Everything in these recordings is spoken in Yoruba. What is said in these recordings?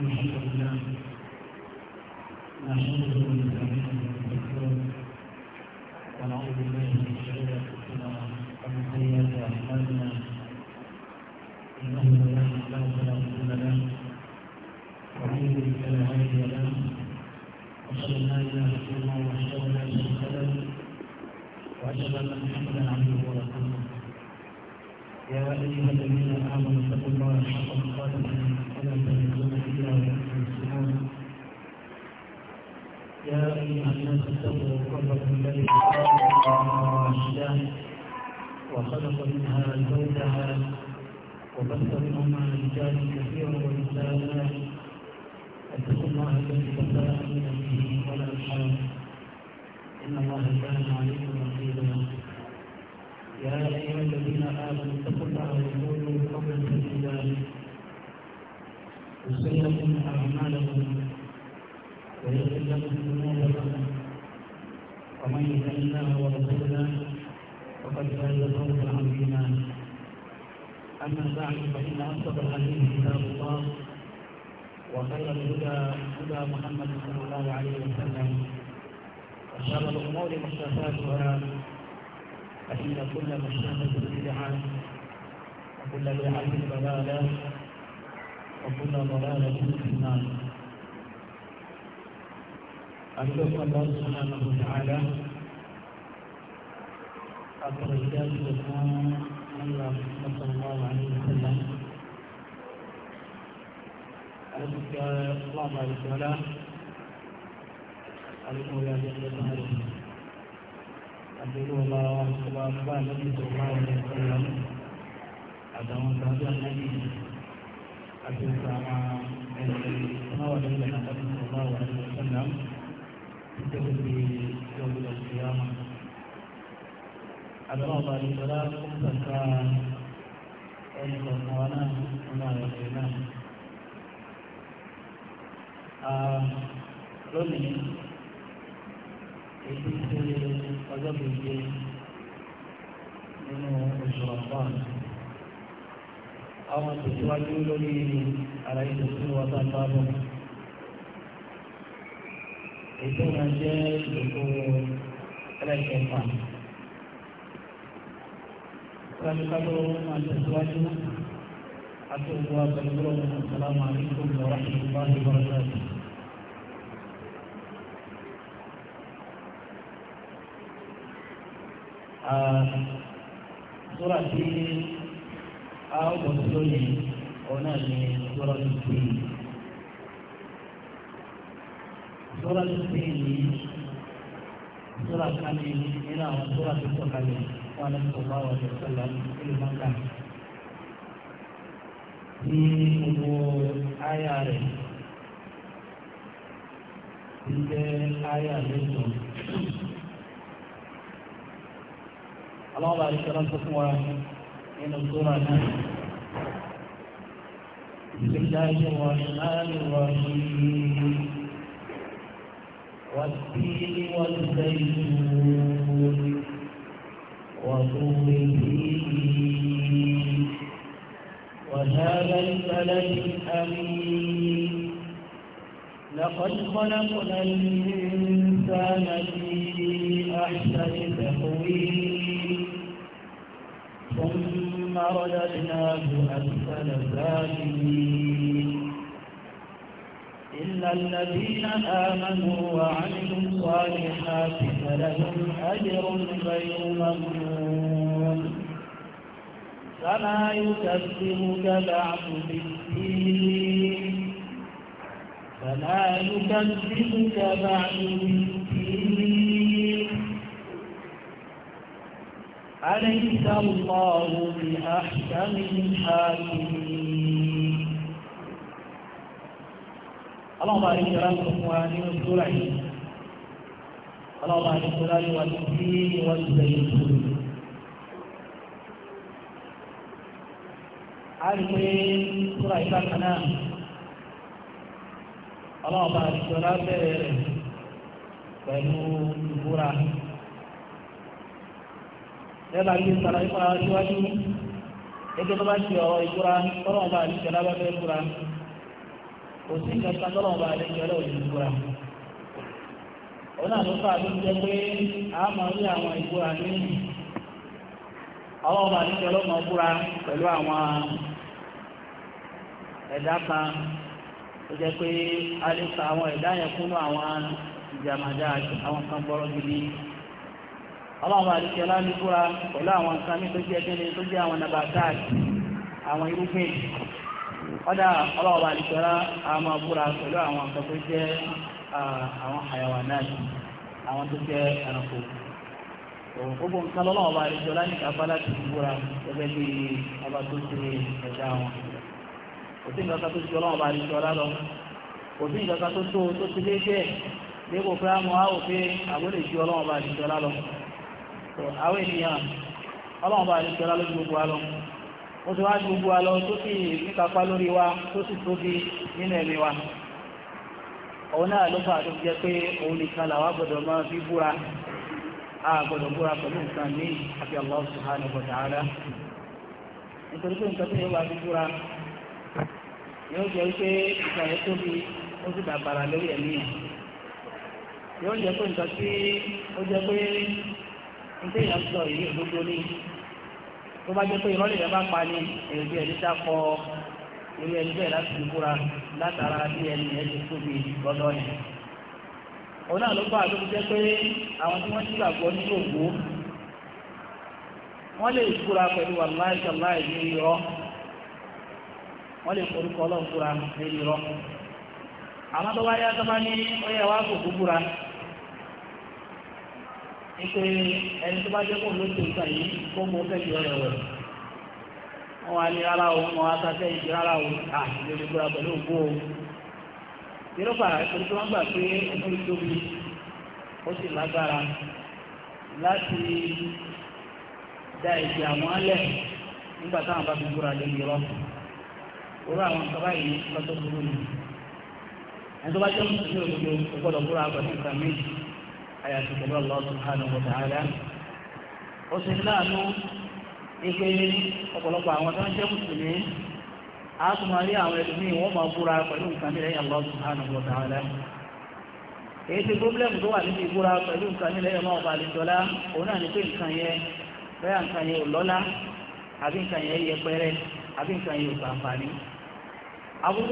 الحمد لله نحمده ونستعينه kálukálù àtẹ̀síwájú àti òwò àbẹ̀lúwọ̀ assalamu alaikum wa rahmatullahi wa barakatuh. Ah, Sura tí a ah, ó bọ̀ sí lónìí, òun náà ni Sura tó ti Sura tó ti yìí, Sura kan ní nínú àwọn Sura tó sọ̀kalẹ̀ yìí. قال صلى الله عليه وسلم في مكان في أمور آيات في آية الله عليه وسلم تقوى من الصورة بسم الله الرحمن الرحيم والتين والزيتون ورسوله وهذا البلد الأمين لقد خلقنا الإنسان في أحسن تقويم ثم رددناه أسفل سافلين الذين آمنوا وعملوا الصالحات فلهم أجر غير ممنون فما يكذبك بعد بالدين فما يكذبك بعد بالدين أليس الله بأحكم الحاكمين ọlọ́ọ̀bá rí jọra ń fún wa nínú sóra yìí ọlọ́ọ̀bá rí jọra ní wàá wọ́n ti bẹ̀rẹ̀ ìṣòro. a rí pé sóra yìí bákan náà ọlọ́ọ̀bá rí jọra bẹ̀rẹ̀ rẹ̀ pẹ̀lú ìbúra. lẹ́la bí sara ìfọ̀rọ̀ síwájú ẹgbẹ́ tó bá ti ọ̀rọ̀ ìbúra ọlọ́ọ̀bá rí jọra bá fẹ́ búra. kò sí nǹkan kan bá àlejò ọlọ́wọ́ ti búra òun náà a máa rí àwọn ìbúra ní ọlọ́wọ́ bá àlejò ọlọ́wọ́ búra pẹ̀lú àwọn ẹ̀dá kan tó jẹ pé a lè ka àwọn ẹ̀dá yẹn kúnnú àwọn ìjàmàdá àwọn kan gbọ́rọ̀ gidi ọlọ́wọ́ bá ọlọ́wọ́ pẹ̀lú àwọn kan ní tó jẹ́ kí ni tó jẹ́ àwọn nàbàtà kọ́dà ọlọ́ọ̀bá àdìsọ́lá a búra pẹ̀lú àwọn nǹkan tó jẹ́ àwọn àyàwó náà àwọn tó jẹ́ ẹranko gbogbo nǹkan lọ́lọ́ọ̀bá àdìsọ́lá ní kápá láti búra gẹ́gẹ́ bí ọba tó ṣe ẹ̀dá wọn kò nǹkan tó ṣe ọlọ́ọ̀bá àdìsọ́lá lọ kò nǹkan tó tó tó pé àwò pé ju ọlọ́ọ̀bá lọ àwọn ènìyàn ọlọ́ọ̀bá ó ti wá gbogbo alọ tó sì níkapá lórí wa tó sì tóbi nínú ẹ̀mí wa òun náà ló fà tó jẹ́ pé òun nìkan làwa gbọ́dọ̀ máa fi búra a gbọ́dọ̀ búra pẹ̀lú nǹkan ní àfi Allah subhanahu wa ta'ala nítorí pé nǹkan tó yẹ wá fi búra yóò jẹ́ pé nǹkan yẹn tóbi ó sì dàgbàrà lórí ẹ̀mí yẹn yóò jẹ́ pé nǹkan tí ó jẹ́ pé nǹkan yẹn sọ yìí òdodo ní tó bá jẹ́ pé ìrọ́lẹ̀ rẹ̀ bá pa ní èrè ẹni dákọ irú ẹni bẹ́ẹ̀ láti fi búra látara bí ẹni ẹ̀ ti tóbi lọ́dọ̀ ni. òun náà ló bá àdó jẹ́ pé àwọn tí wọ́n ti nínú wọ́n lè pẹ̀lú wàláì sàláì ní irọ́ wọ́n lè forúkọ ọlọ́run ní irọ́ tó bá yá ní ó yẹ wá wípé ẹni tó bá jẹ́ kó ló ti ń gbà yìí gbogbo fẹ́ yọ ọ̀rọ̀ rẹ̀ wọ́n wá ní rárá o wọ́n wá sáfẹ́ ìdí rárá o àti lè gbọ́ra pẹ̀lú ògbó o yẹ́rọ́pà ẹni tó wọ́n gbà pé ẹni tó tóbi ó sì lágbára láti da ìdí àwọn alẹ́ nígbà táwọn bá fi gbúra lé irọ́ orú àwọn nǹkan báyìí lọ́tọ́ burú ni ẹni tó bá jẹ́ mùsùlùmí òdodo kò gbọ́dọ̀ gbúra pẹ̀lú nǹkan méjì àyàtì pẹ̀lú Allah subhanahu wa ta'ala ó sì láàánú ike ọ̀pọ̀lọpọ̀ àwọn tó ń jẹ́ mùsùlùmí a àwọn ẹlòmíì wọ́n máa búra pẹ̀lú nǹkan nílẹ̀ Allah subhanahu wa èyí tí pọ́blẹ́mù tó wà níbi ìbúra pẹ̀lú nǹkan nílẹ̀ àbúrò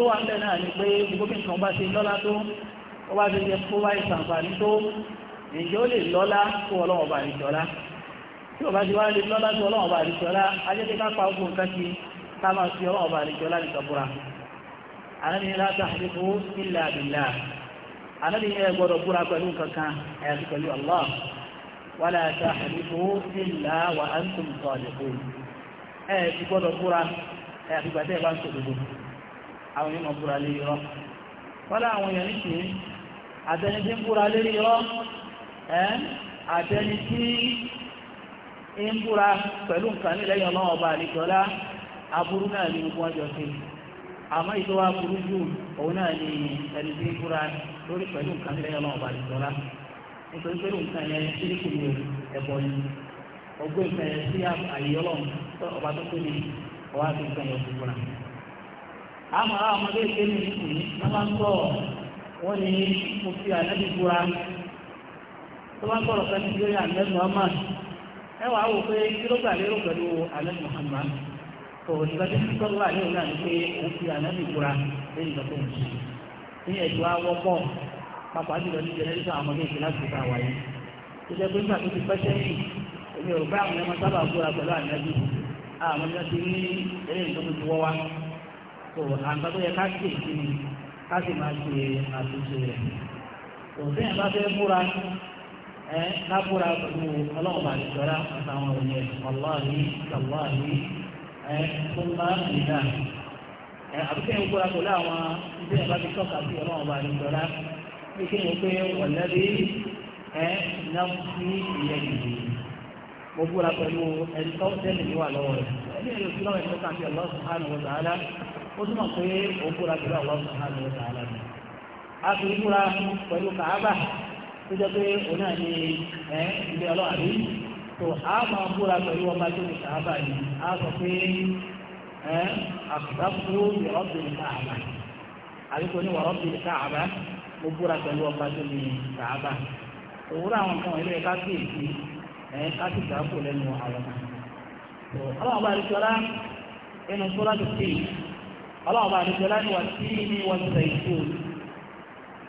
wa ń náà ni pé gbogbo nǹkan ǹjẹ́ ó lè lọ́lá fún ọlọ́wọ́n bá àdìsọ́lá tí ó bá ti wá lè lọ́lá fún ọlọ́wọ́n bá àdìsọ́lá ajẹ́kẹ́ ká pa ogun nǹkan ti ká máa fi ọlọ́wọ́n bá àdìsọ́lá ní sọ́bùra anábì ní láti àdìsọ́ illa billah anábì ní ẹgbọ́dọ̀ búra pẹ̀lú kankan àyàfi pẹ̀lú Allah wala tahlifu illa wa antum sadiqun ẹ ti gbọ́dọ̀ búra àyàfi gbàtẹ́ bá ń búra lé irọ́ wọ́n ń búra àtẹni tí ń búra pẹ̀lú nǹkan ní lẹ́yìn ọlọ́wọ́ ọba àlejòlá aburú náà ní gbogbo ọjọ́ sí àmọ́ ìtọ́ wa jù òun náà ní ẹni tí ń búra lórí pẹ̀lú nǹkan ní lẹ́yìn ọba àlejòlá nítorí pẹ̀lú nǹkan yẹn síríkì ní ẹ̀bọ̀ ọgbẹ́ nǹkan yẹn sí àyè ọlọ́run ọba tó bá gbọ́rọ̀ pẹ́ nítorí muhammad ẹ wàá wò pé kí ló lérò pẹ̀lú alẹ́ muhammad kò ní bá tẹ́sí tọ́lú wà lérò náà ni pé ó fi alẹ́ mi kura lẹ́yìn ìgbà tó ń ṣe ní ẹ̀jọ́ awọ́pọ̀ pàpà jùlọ ní jẹnẹrẹ́sọ àwọn ọmọdé ìṣẹ̀lá ti ta wáyé tó jẹ́ pé nígbà tó ti pẹ́ sẹ́yìn èmi ò bá àwọn ẹmọ sábà gbóra pẹ̀lú ànábì àwọn ọmọdé ti ní eléyìí tó ti wọ́ wá tó àǹkà tó yẹ ká ṣe ìsinmi ká sì máa ṣe àtúnṣe rẹ̀ tó bẹ́ẹ̀ bá fẹ́ múra ẹ lábúra pẹ̀lú ọlọ́ọ̀bà ìjọra àtàwọn òye ọlọ́ọ̀hí ìjọlọ́ọ̀hí ẹ tó bá nìyà ẹ àbíkẹ́ ń kóra pẹ̀lú àwọn ibi ẹ̀bá ti tọ́ka sí ọlọ́ọ̀bà bí kí ni pé ẹ ìyẹn ìdìbò mo búra pẹ̀lú ẹni tó tẹ́lẹ̀ ní wà lọ́wọ́ rẹ̀ ẹni tó jẹ́ pé òun náà ní ẹ́ ilé tó a máa búra pẹ̀lú ọba tó ní sàábà yìí a sọ pé ẹ́ àkùdákú ìrọ́bìnrin káàbà àríkò ní wọ̀rọ́bìnrin káàbà mo búra pẹ̀lú ọba tó ní sàábà òwúrọ̀ àwọn kan ilé ká sí èsì ká sì gbà kó lẹ́nu àwọn kan bá rí sọ́lá inú sọ́lá tó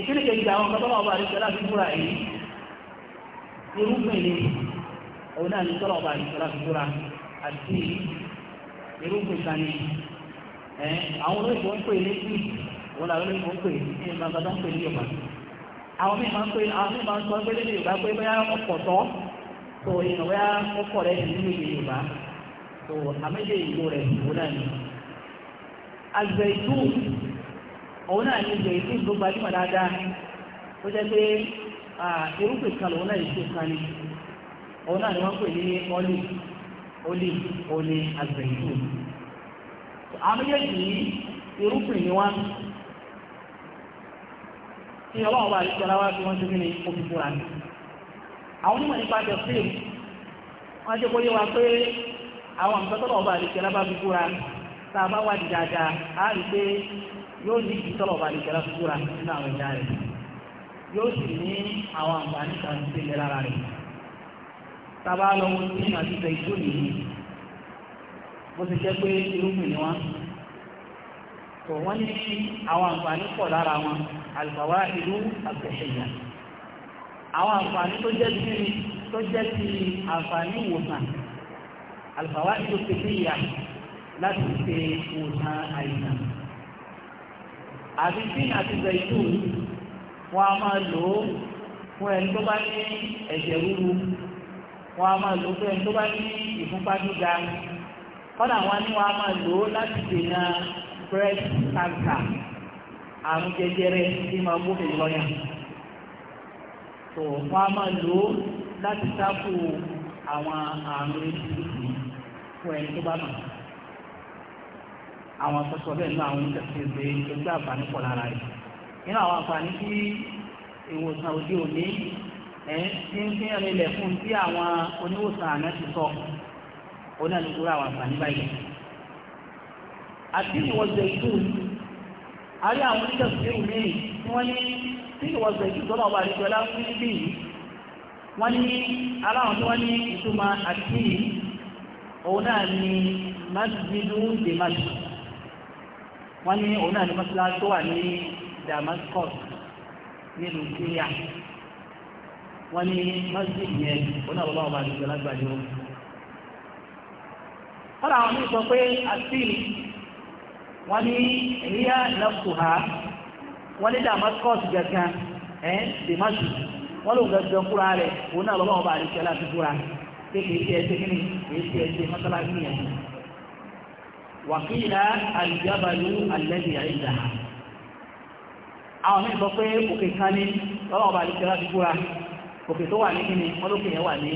ìṣírí kejì àwọn kọ́tọ́lọ́ ọba àríṣẹ́ láti búra èyí irúgbìn ni òun náà ní tọ́lọ̀ ọba àríṣẹ́ láti búra àti irúgbìn sani ẹ̀ àwọn olóyìnbó ń pè ní sí òun làwọn olóyìnbó ń pè ní ìgbàgbọ́dọ́ ń pè ní Yorùbá àwọn míì máa ń pè àwọn míì máa ń sọ pé nínú Yorùbá pé bóyá ọkọ̀ tọ́ tó ìyẹn bóyá ọkọ̀ rẹ̀ nínú ìlú Yorùbá tó àmẹ́jẹ̀ ìlú rẹ̀ òun náà ni àgbẹ̀ ìlú òun náà ní ìjọ ìsìn tó gbajúmọ̀ dáadáa ó jẹ́ pé irúgbìn kan lòun náà ìsìn kan ni òun náà ni wọ́n pè ní ọ́lì ọ́lì ọ́lì àgbẹ̀yìnbó àwọn méjèèjì yìí irúgbìn ni wọ́n tí ọlọ́run bá àdìsí ọláwá tí wọ́n ti ní omi fúra ní àwọn onímọ̀ nípa jẹ fíìmù wọ́n jẹ́ kó yé wa pé àwọn nǹkan tọ́lọ́run bá àdìsí ọláwá fi fúra tá a bá wà dáadáa á rí pé yóò ní ìtọ́lọ̀ bá lè kẹ́lá fúra nínú àwọn ìdá rẹ̀ yóò sì ní àwọn àǹfààní kan sí ilẹ̀ lára rẹ̀ tábà lọ wọn sí àti ìfẹ́ ìjó nìyí bó ti jẹ́ pé irúgbìn ni wọ́n tó wọ́n ní àwọn àǹfààní pọ̀ lára wọn àlùfàwà ìlú àgbẹ̀ṣẹ̀yà àwọn àǹfààní tó jẹ́ ti tó jẹ́ ti àǹfààní ìwòsàn àlùfàwà ìlú pépé ìyà láti ṣe ìwòsàn àìsàn àti tíì àti zẹ̀tù wọn a máa lò ó fún ẹni tó bá ní ẹ̀jẹ̀ ríru wọn a máa lò ó fún ẹni tó bá ní ìfúnpá gíga kọ́nà wọn ni wọn a máa lò ó láti dènà breast cancer àrùn jẹjẹrẹ tí máa gbó fèrè lọ́yàn tó wọn a máa lò ó láti sáfù àwọn àrùn etí fún ẹni tó bá mọ̀ àwọn sọ́sọ́ bẹ́ẹ̀ nínú àwọn oníṣẹ́sí pé ẹgbẹ́ àǹfààní pọ̀ lára rẹ̀ nínú àwọn àǹfààní tí ìwòsàn òde òní tí ń fi hàn ilẹ̀ fún tí àwọn oníwòsàn àná ti sọ òun náà ló dúró àwọn àǹfààní báyìí àti ìwọ̀sẹ̀ ìlú a rí àwọn oníṣẹ́sí òní tí wọ́n ní tí ìwọ̀sẹ̀ ìlú tọ́lọ̀ wà nípa láwọn níbí yìí wọ́n ní aláwọn tí wọ́n ní ìtumọ̀ àti òun náà ní masjidu de masjidu wọ́n ní òun náà ní mọ́sálásí tó wà ní Damascus nílùú Syria wọ́n ní masjid yẹn òun náà bọ́lá ọba àdìsọ lágbàdo wọ́n làwọn mí sọ pé asil wọ́n ní ríyà lẹ́kùhá wọ́n ní Damascus gẹ̀gàn ẹ̀ dèmásì wọ́n ló gẹ̀gẹ̀ fúra rẹ̀ òun náà bọ́lá ọba àdìsọ láti fúra kékeré ẹsẹ̀ kí ni èsì ẹsẹ̀ mọ́sálásí yẹn wàkílá àlùjábalú alẹ́bí àìdá àwọn mẹ́rin sọ pé òkè kan ní lọ́wọ́ ọba àdìsẹ́lá ti kúra òkè tó wà ní kíni wọ́n lókè yẹn wà ní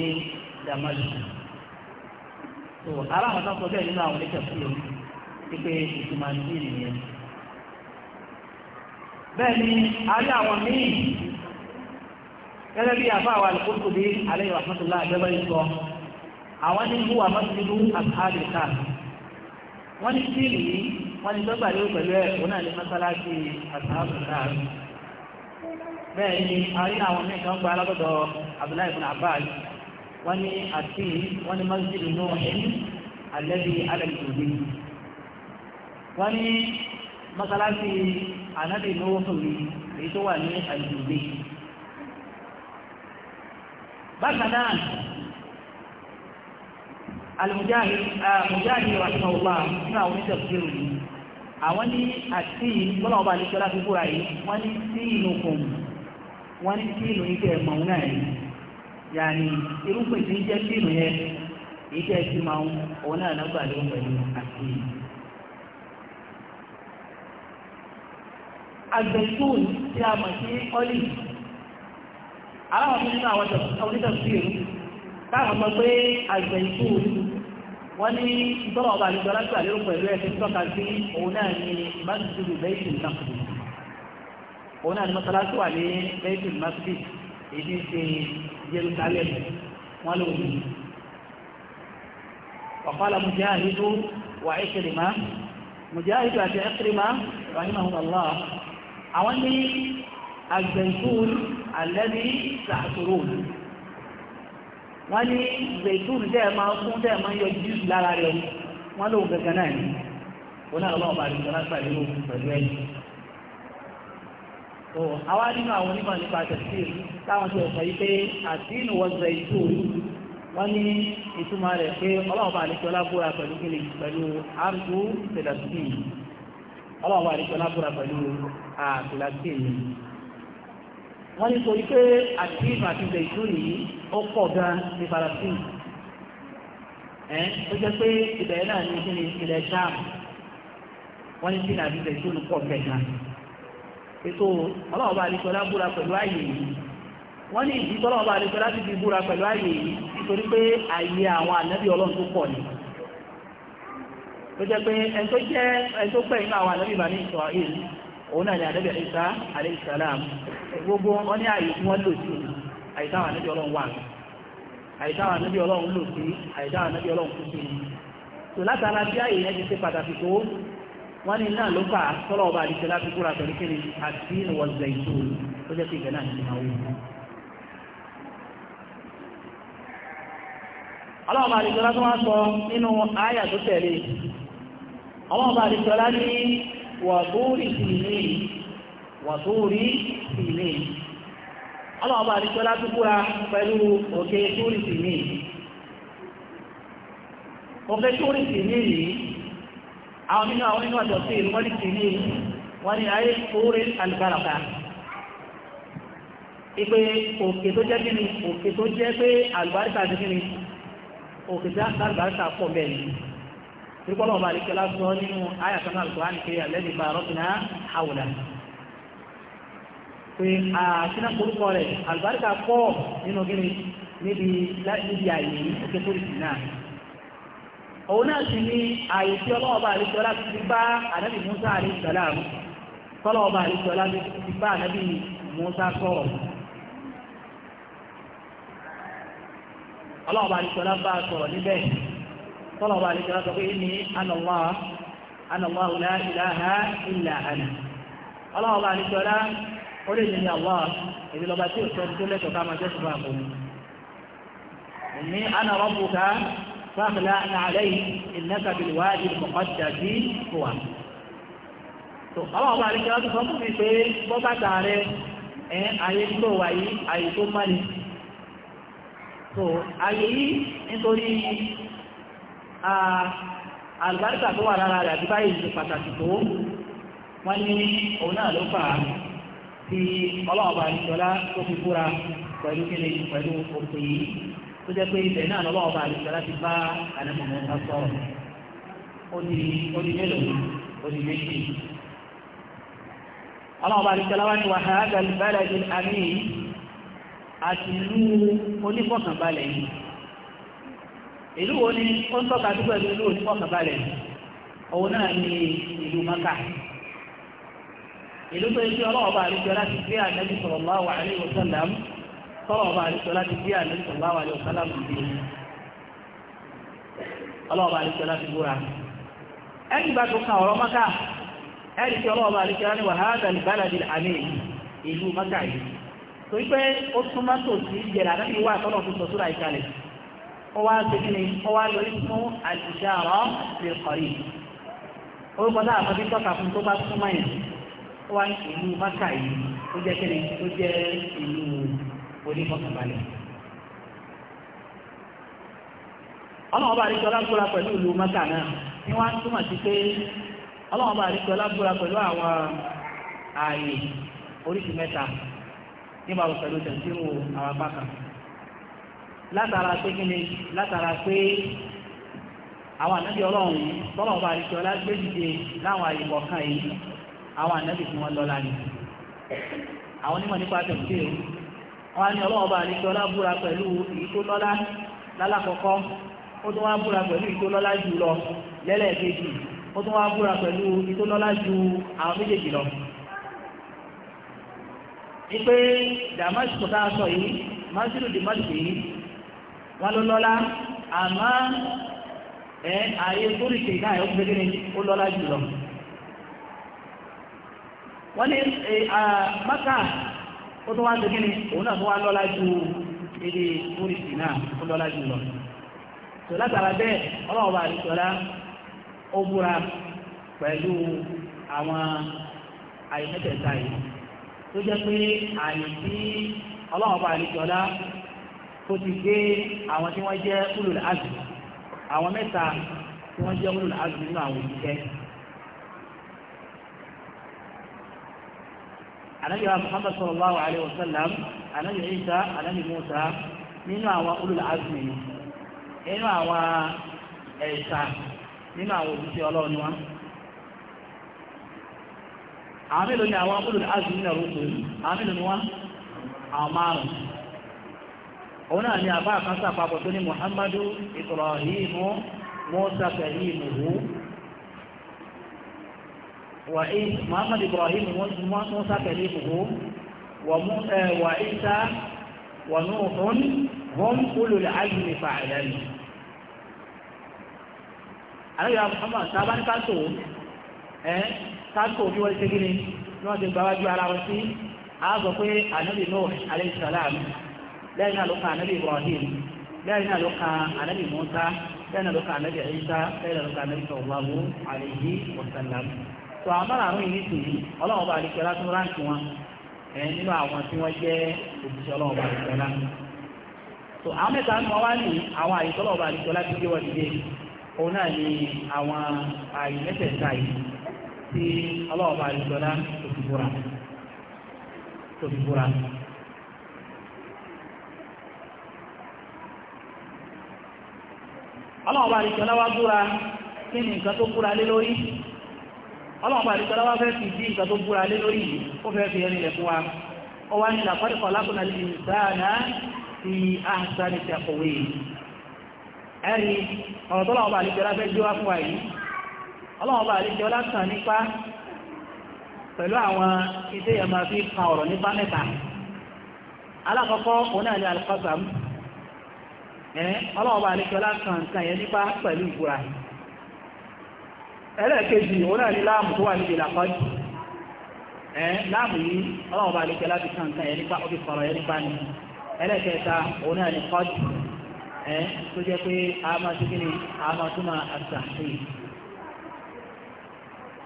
damalu so ara àwọn tó sọ bẹ́ẹ̀ nínú àwọn oníṣẹ́ fún yòó pípé ìtumọ̀ ní ìrìnyẹn wọ́n ní sí ìlú wọ́n ní lọ́gbà lórí pẹ̀lú ẹ̀ òun náà lè mọ́sálásí àtàwọn náà bẹ́ẹ̀ ni àárín àwọn míì kan gba alábọ̀dọ̀ Abdullahi ibn Abbas wọ́n ní àti wọ́n ní masjid inú ẹni alẹ́bí alẹ́bí wọ́n ní mọ́sálásí anábì inú òfòrí èyí tó wà ní alẹ́bí bákan náà al-Mujahid ah, Mujahid rahimahullah nínú àwọn oníṣẹ́kùnrin yìí àwọn ní àti bọ́lá ọba àlejòlá fi búra yìí wọ́n ní sí inú kùn wọ́n ní sí inú ike ẹ̀mọ̀ náà yìí yàní irúgbìn tí ń jẹ́ sí inú yẹn ike ẹ̀sì máa ń òun náà lágbà ló pẹ̀lú àti. àgbẹ̀sùn tí a mọ̀ sí ọ́lì aláwọ̀ nínú àwọn onítọ̀síìrù táwọn sọ pé àgbẹ̀sùn wọ́n ní ìtọ́lọ̀ ọba àlejò aláṣọ àlérò pẹ̀lú ẹ̀ tó ń tọ́ka sí òun náà ní masjidu baitul maqdis òun náà ní masalasi wà ní baitul maqdis èdè ṣe Jerusalem wọn lò ní. wàhálà mujahidu wà Ikrima mujahidu àti Ikrima rahimahumullah àwọn ní agbẹ̀ntún alẹ́ ní sàtúrò wọ́n ní zaitun tẹ́ máa fún tẹ́ máa yọ jíjù lára rẹ̀ wọ́n lóun gẹ̀gẹ̀ náà ní wọn náà lọ́wọ́ bá rí ìjọba pẹ̀lú pẹ̀lú ẹ̀yìn tó àwa nínú àwọn onímọ̀ nípa tẹ̀sí táwọn ti sọ yí pé àtínú wọ zaitun wọ́n ní ìtumọ̀ rẹ̀ pé ọlọ́wọ́ bá rí ìjọba búra pẹ̀lú kíni pẹ̀lú àrùkù tẹ̀lẹ̀sí ọlọ́wọ́ bá rí ìjọba búra pẹ̀lú àtìlásí wọ́n ní torí pé àdìsí àti ìbẹ̀jú yìí ó pọ̀ gan ní Palestine ẹ̀ tó jẹ́ pé ìbẹ̀rẹ̀ náà ní kí ni ilẹ̀ sham wọ́n ní sí àti ìbẹ̀jú ní pọ̀ mẹ́ta ètò ọlọ́wọ́ bá àdìsọ́lá búra pẹ̀lú ààyè yìí wọ́n ní ìdí tọ́lọ́wọ́ bá àdìsọ́lá ti fi búra pẹ̀lú ààyè yìí nítorí pé ààyè àwọn ànábì ọlọ́run tó pọ̀ ni tó jẹ́ pé ẹni tó jẹ́ ẹni tó pẹ̀yìn òun náà ni ànábì Ìsá alayhi gbogbo wọn ní nwa tí wọ́n lò sí àìsáwọn ànábì ọlọ́run wà àìsáwọn ànábì ọlọ́run lò sí àìsáwọn ànábì ọlọ́run kú sí tò látara bí yẹn ti ṣe pàtàkì tó ọba àdìsẹ́ láti kúra pẹ̀lú kíni àti ìwọ̀n zẹ̀yìntò tó jẹ́ sí ìgbẹ́ náà nínú àwọn ìlú wá sọ nínú àyà tó tẹ̀lé wàtúrì sìnìí wàtúrì sìnìí ọlọ́wọ́ bá àdíjọ́ látúkúra pẹ̀lú òkè túrì sìnìí òkè túrì sìnìí yìí àwọn nínú àwọn nínú àjọ sí ìlú wọ́n ní sìnìí wọ́n ní ayé túrì alìbáraka ipe òkè tó jẹ́ kíni òkè tó jẹ́ pé alìbáraka ti kíni òkè tó jẹ́ alìbáraka pọ̀ bẹ́ẹ̀ tìrìkọ́lọ́ ọba àlekẹ́ lásọ nínú ayàtọ̀ náà lùkọ́ àníkẹ́ àlẹ́dì bá rọ́bìnà àwùlà pé àṣínà korúkọ rẹ̀ àlùbáríkà pọ̀ nínú gíní níbi níbi àyè òkè pólìsì náà òun náà sì ní àyè tí ọlọ́wọ́ ọba àlekẹ́ ọlá ti bá ànábì Musa àlekẹ́ ọlá kọ́lọ́ ọba àlekẹ́ ọlá ti bá ànábì Musa sọ̀rọ̀ ọlọ́wọ́ ọba àlekẹ́ ọlá bá sọ̀rọ̀ níbẹ̀ tọ́lọ̀ ọba àlejò láti pé ní anàlá anàlá ọ̀la ìlàhà ìlà àná ọlọ́wọ́ ọba àlejò ọlá ó lè yẹn ní àwọ̀ èmi lọ́ba tí òṣèlú ẹni tó lẹ́tọ̀ọ́ ká máa jẹ́ ṣùgbọ́n àpò mi. èmi ana rabbuka fáfilà nàlẹ́ yìí ìnáka bìlìwáàdì mọ̀kọ́dà sí fòwà. ọlọ́wọ́ ọba àlejò láti sọ fún mi pé bọ́ bàtà rẹ ẹ̀ ayé tó wà yìí ayé tó má ni. so ayé yìí nítorí àlùbáríkà tó wà lára rẹ̀ àti báyìí ti pàtàkì tó wọ́n ní òun náà ló fà á tí ọlọ́ọ̀bà àdìsọ́lá tó fi fúra pẹ̀lú kíni pẹ̀lú òkè yìí tó jẹ́ pé ibẹ̀ náà lọ́lọ́ọ̀bà àdìsọ́lá ti bá àdìsọ́lá ta sọ̀rọ̀ ó di mélòó ó di méjì. ọlọ́ọ̀bà àdìsọ́lá wá ní wàhálà gbàlùbálà ìlú àmì ìlú wo ni ó ń tọ́ka tó pẹ̀lú ìlú onífọ̀kànbalẹ̀ òun náà ni ìlú maka ìlú tó ṣe ọlọ́wọ́ bá àlejò láti gbé ànábì sallallahu alaihi wasallam tọ́lọ́wọ́ bá àlejò láti gbé ànábì sallallahu alaihi wasallam ìdí ọlọ́wọ́ bá àlejò láti gbóra ẹni bá tó ka ọ̀rọ̀ maka ẹni tí ọlọ́wọ́ bá àlejò láti wà hádà bálàdì àmì ìlú maka yìí ó wá ṣe kí ni ó wá yọrí fún al-ishara lil-qarib orúkọ náà àfọ́bí tọ́ka fún tó bá súnmọ́ yẹn ó wá ìlú mọ́kà yìí ó jẹ́ kí ni ó jẹ́ ìlú onífọ̀kànbalẹ̀ ọlọ́wọ́n bá àríkọ́ lágbóra pẹ̀lú ìlú mọ́kà náà ni wọ́n á túmọ̀ pé ọlọ́wọ́n bá àríkọ́ lágbóra pẹ̀lú àwọn ààyè oríṣi mẹ́ta nígbà pẹ̀lú tẹ̀síwò àwọn apá látara pé kí ni látara pé àwọn ànábì ọlọ́run tọ́lọ̀ bá àríkẹ́ ọlá gbé dìde láwọn àyè kọ̀ọ̀kan yìí àwọn ànábì tí wọ́n lọ́la ni àwọn onímọ̀ nípa tẹ̀sí o wọ́n ní ọlọ́run bá àríkẹ́ ọlá búra pẹ̀lú èyí lọ́lá lálàkọ́kọ́ ó tún wá búra pẹ̀lú èyí lọ́lá jù lọ lẹ́lẹ́ẹ̀kejì ó tún wá búra pẹ̀lú èyí lọ́lá ju àwọn méjèèjì lọ ipe dàmásìkò tá a sọ yìí másìlù dìmásìkò yìí wọ́n ló lọ́lá àmọ́ ẹ ààyè sóríṣe náà ó gbé gẹ́gẹ́ ó lọ́lá jùlọ wọ́n ní Mákà ó tó wá gbé gẹ́gẹ́ òun náà tó wá lọ́lá ju ilé sóríṣe náà ó lọ́lá jùlọ tó látara bẹ́ẹ̀ ọlọ́run bá àdìsọ́lá ó búra pẹ̀lú àwọn àyè yìí tó jẹ́ pé àyè tí ọlọ́run àdìsọ́lá tó ti gbé àwọn tí wọ́n jẹ́ ulul azmi àwọn mẹ́ta tí wọ́n jẹ́ ulul azmi nínú àwọn òṣìṣẹ́. anabi wa muhammad sallallahu alayhi wa sallam anabi isa anabi musa nínú àwọn ulul azmi nínú àwọn ẹ̀ṣà nínú àwọn òṣìṣẹ́ ọlọ́run wa àwọn mélòó ni àwọn ulul azmi nínú àwọn òṣìṣẹ́ àwọn mélòó ni wọ́n àwọn márùn-ún òun náà ni àbá àkánsà àpapọ̀ tó ní muhammadu ibrahim musa karimuhu wa muhammadu ibrahim musa karimuhu wa isa wa nuhun hum ulul azmi fa'alani aláyọ̀ muhammad sábà ní káńtò ẹ́ káńtò bí wọ́n ti ṣe gíní ní wọ́n ti gbáwájú ara wọn sí ààbọ̀ pé ànábì náà alayhi salam lẹ́yìn náà ló ka ànábì Ibrahim lẹ́yìn náà ló ka ànábì Musa lẹ́yìn náà ló ka ànábì Isa lẹ́yìn náà ló ka ànábì sallallahu alayhi wa sallam tó àmàlà àrùn yìí nìsín ọlọ́wọ́ bá àdìsẹ́ látún ráǹkì wọn ẹ̀ nínú àwọn tí àwọn láti ọlọ́ọ̀bá àríkẹ́lá wá búra kí ni nǹkan tó búra lé lórí ọlọ́ọ̀bá àríkẹ́lá wá fẹ́ fi bí nǹkan tó búra lé lórí ó fẹ́ fi ẹni lẹ̀ fún wa ó wá ní làkọ́dẹ̀kọ́ lákùnà lè sáànà ti àǹsáni tẹ̀kọ̀wé ẹ̀rí ọ̀rọ̀ tọ́lọ́ọ̀bá àríkẹ́lá fẹ́ gbé wá fún wa yìí ọlọ́ọ̀bá àríkẹ́lá kàn nípa pẹ̀lú ọlọ́ọ̀bá àríkọlá kan nǹkan yẹn nípa pẹ̀lú ìbúra ẹlẹ́ẹ̀kejì òun náà ní láàmù tó wà níbi ìlàkọ́jù láàmù yìí ọlọ́ọ̀bá àríkọlá ti kan nǹkan yẹn nípa sọ̀rọ̀ nípa ẹlẹ́ẹ̀kẹta náà ní tó jẹ́ pé a máa tó kíni a máa tó máa àṣàṣe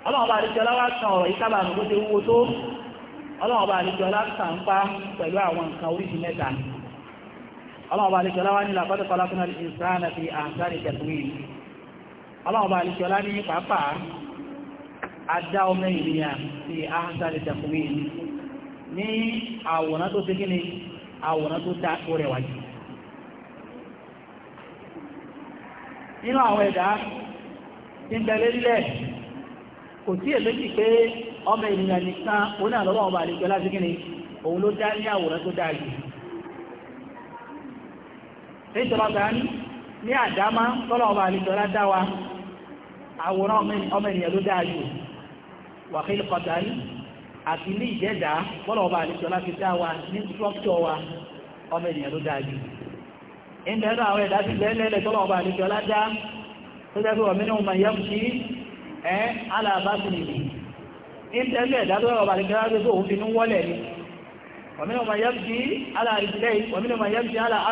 ọlọ́ọ̀bá àríkọlá wá kan ọ̀rọ̀ yìí nù ti wúwo pa pẹ̀lú àwọn nǹkan ọlọ́ọ̀bá alìṣọ́lá wá ní làbọ́dọ̀ kọlákúnà ìsáàlẹ̀ fi àǹsáàlẹ̀ tẹ̀kùnrin ọlọ́ọ̀bá alìṣọ́lá ní pàápàá adá ọmọ ènìyàn fi àǹsáàlẹ̀ tẹ̀kùnrin ní àwòrán tó ṣe kíni àwòrán tó dá ó rẹwà jù nínú àwọn ẹ̀dá tí ń bẹ̀rẹ̀ lílẹ̀ kò sí èméjì pé ọmọ ènìyàn nìkan oní àlọ́wọ́ ọba àlejò láti kíni òun ló dá ní àwòrán tó dáa yìí ìṣọ́lá tàbí ní àdámá tọ́lọ̀ ọba àlejọ́lá dáwà àwòrán ọmọ ènìyàn ló dáájú wàhíl kọtàrí àti ní ìjẹ́dá tọ́lọ̀ ọba àlejọ́lá fi dáwà ní structure wa ọmọ ènìyàn ló dáájú ìbẹ̀rù àwọn ẹ̀dá ti bẹ́ẹ̀lẹ̀ tọ́lọ̀ ọba àlejọ́lá dá tó jẹ́ pé ọ̀mínú mọ̀ yẹ́ kí ẹ́ alábásìnìyàn ìbẹ̀rù ẹ̀dá tọ́lọ̀ ọba àlejọ́lá dé tó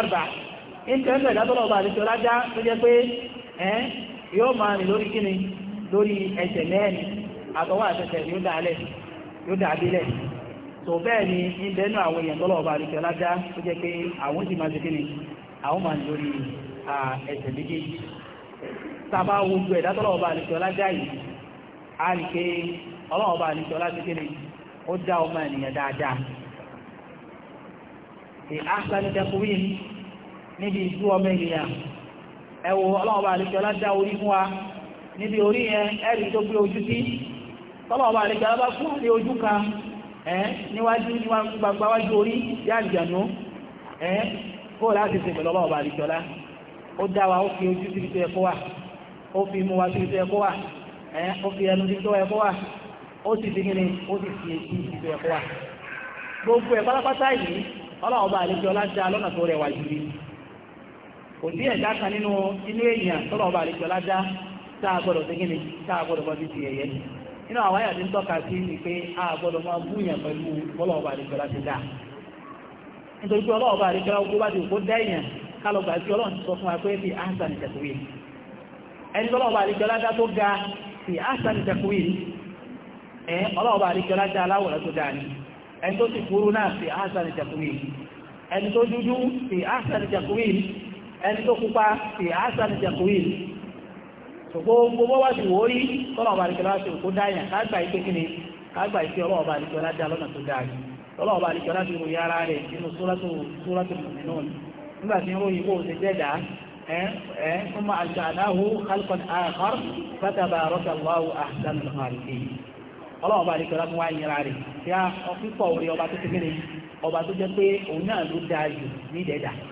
òun ìtẹ́lẹ̀ ìdádọ́lọ̀ ọba àdíṣẹ́ ọlájá tó jẹ́ pé ẹ́ yóò máa rìn lórí kíni lórí ẹsẹ̀ mẹ́rin àtọwọ́ àtẹsẹ̀ yóò yóò tó bẹ́ẹ̀ ni àwọn èèyàn tọ́lọ̀ ọba àdíṣẹ́ ọlájá tó jẹ́ pé àwọn sì máa ṣe kíni àwọn máa rìn lórí sábà ọba àdíṣẹ́ yìí a pé níbi ìjú ọmọ ènìyàn ẹwọ ọlọ́ọ̀bà àríkẹ́ lájá orí fún wa níbi orí yẹn ẹ̀rì tó gbé ojú sí tọ́lọ̀ọ̀bà àríkẹ́ lábá fún àrí ojú kan níwájú gbagbawájú orí yá àjànú kó láti ṣe pẹ̀lú ọlọ́ọ̀bà àríkẹ́ ó dá wa ó fi ojú sí ẹ̀kọ́ kò sí ẹ̀dá kan nínú inú èèyàn tọ́lọ̀ ọba àlejò ládá tá a gbọ́dọ̀ sí kíni tá a gbọ́dọ̀ ti ẹ̀yẹ ni pé a gbọ́dọ̀ máa búyàn pẹ̀lú ọba àlejò dá nítorí pé àlejò bá ti kó dá èèyàn kálọ̀ gbà sí ọlọ́run sọ fún wa pé fi áńsà ní tẹ̀kùwì ẹni tọ́lọ́ọ̀ba àlejò ládá tó ga fi áńsà ní tẹ̀kùwì ẹ ọlọ́ọ̀ba àlejò ládá aláwòrán E tó kópa sí asan gbogbo wá sí ni tó fi fún ma rọ́sàlọ́wọ́ fún rẹ̀ tí a orí ọba tó ti ọba tó jẹ́ pé òun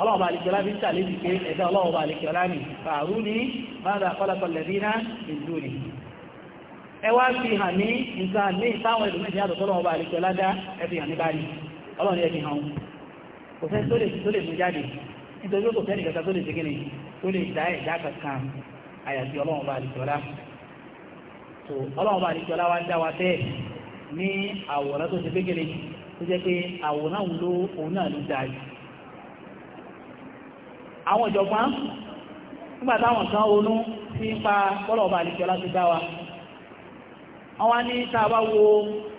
ọlọ́run bá àlekèrè láti ń tà lébi pé ẹ̀dá ọlọ́run bá àlekèrè láàmì fàárù ní báńdà kọ́lákọ́ lẹ́bí náà ìlú ni ẹ wá fi hàn ní nǹkan ní ìtàwọn ìlú méjì yàtọ̀ tọ́lọ́run bá àlekèrè ládá ẹ fi hàn ní báyìí ọlọ́run ẹ fi hàn kò fẹ́ tó lè tó lè mú jáde nítorí kò fẹ́ nìkan àwọn ìjọ̀gbọ́n nígbà táwọn kan ronú sí pa bọ́lọ̀ ọba àlìkọ́lá ti wa wọ́n wá ní tá a bá wo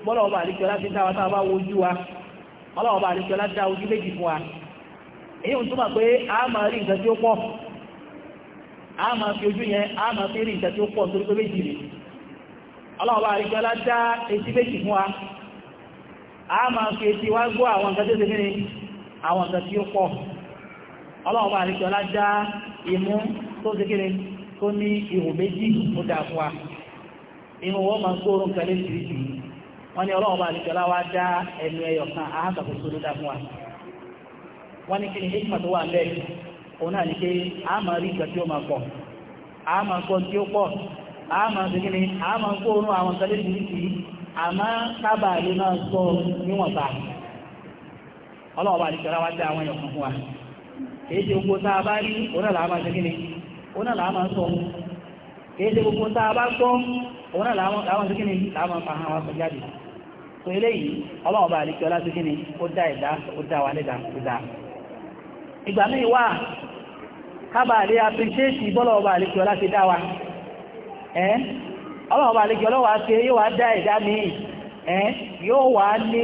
bọ́lọ̀ ọba àlìkọ́lá ti dá wa tá a bá wo ojú wa bọ́lọ̀ ọba àlìkọ́lá dá ojú méjì fún wa èyí ń túmọ̀ pé a máa rí nǹkan tí ó pọ̀ a máa fi ojú yẹn a máa fi rí nǹkan tí ó pọ̀ torí pé méjì rèé ọlọ́ọ̀bá àríkọ́lá dá etí méjì fún wa a máa fi etí wá gbọ́ àwọn nǹkan tí ó ṣe mẹ́rin àwọn nǹkan tí ó pọ̀ ọlọ́run bá àríkẹ́ já imú tó ṣe kéré tó ní ihò méjì ó dà fún wa inú wọn máa gbóòórùn kan lé tìrì tìrì wọn ní ọlọ́run bá ni hikma tó wà ń òun náà pé a máa rí ìgbà tí ó máa pọ̀ a tí a ma ni ma máa àwọn àmọ́ sábà sọ níwọ̀nba bá kìí gbogbo tá a bá rí òun àlàá máa ṣe kí ni máa sọ kìí ṣe gbogbo tá a bá gbọ́ òun àlàá máa ṣe làá máa fàhán wa sọ jáde tó eléyìí ọlọ́run bá ọlá ó dá ẹ̀dá ó dá wa lẹ́dà ó dá ìgbà míì wà kábàá ọba àríkẹ́ ọlá ṣe dá wa ọlọ́run ọba àríkẹ́ ọlọ́wà ṣe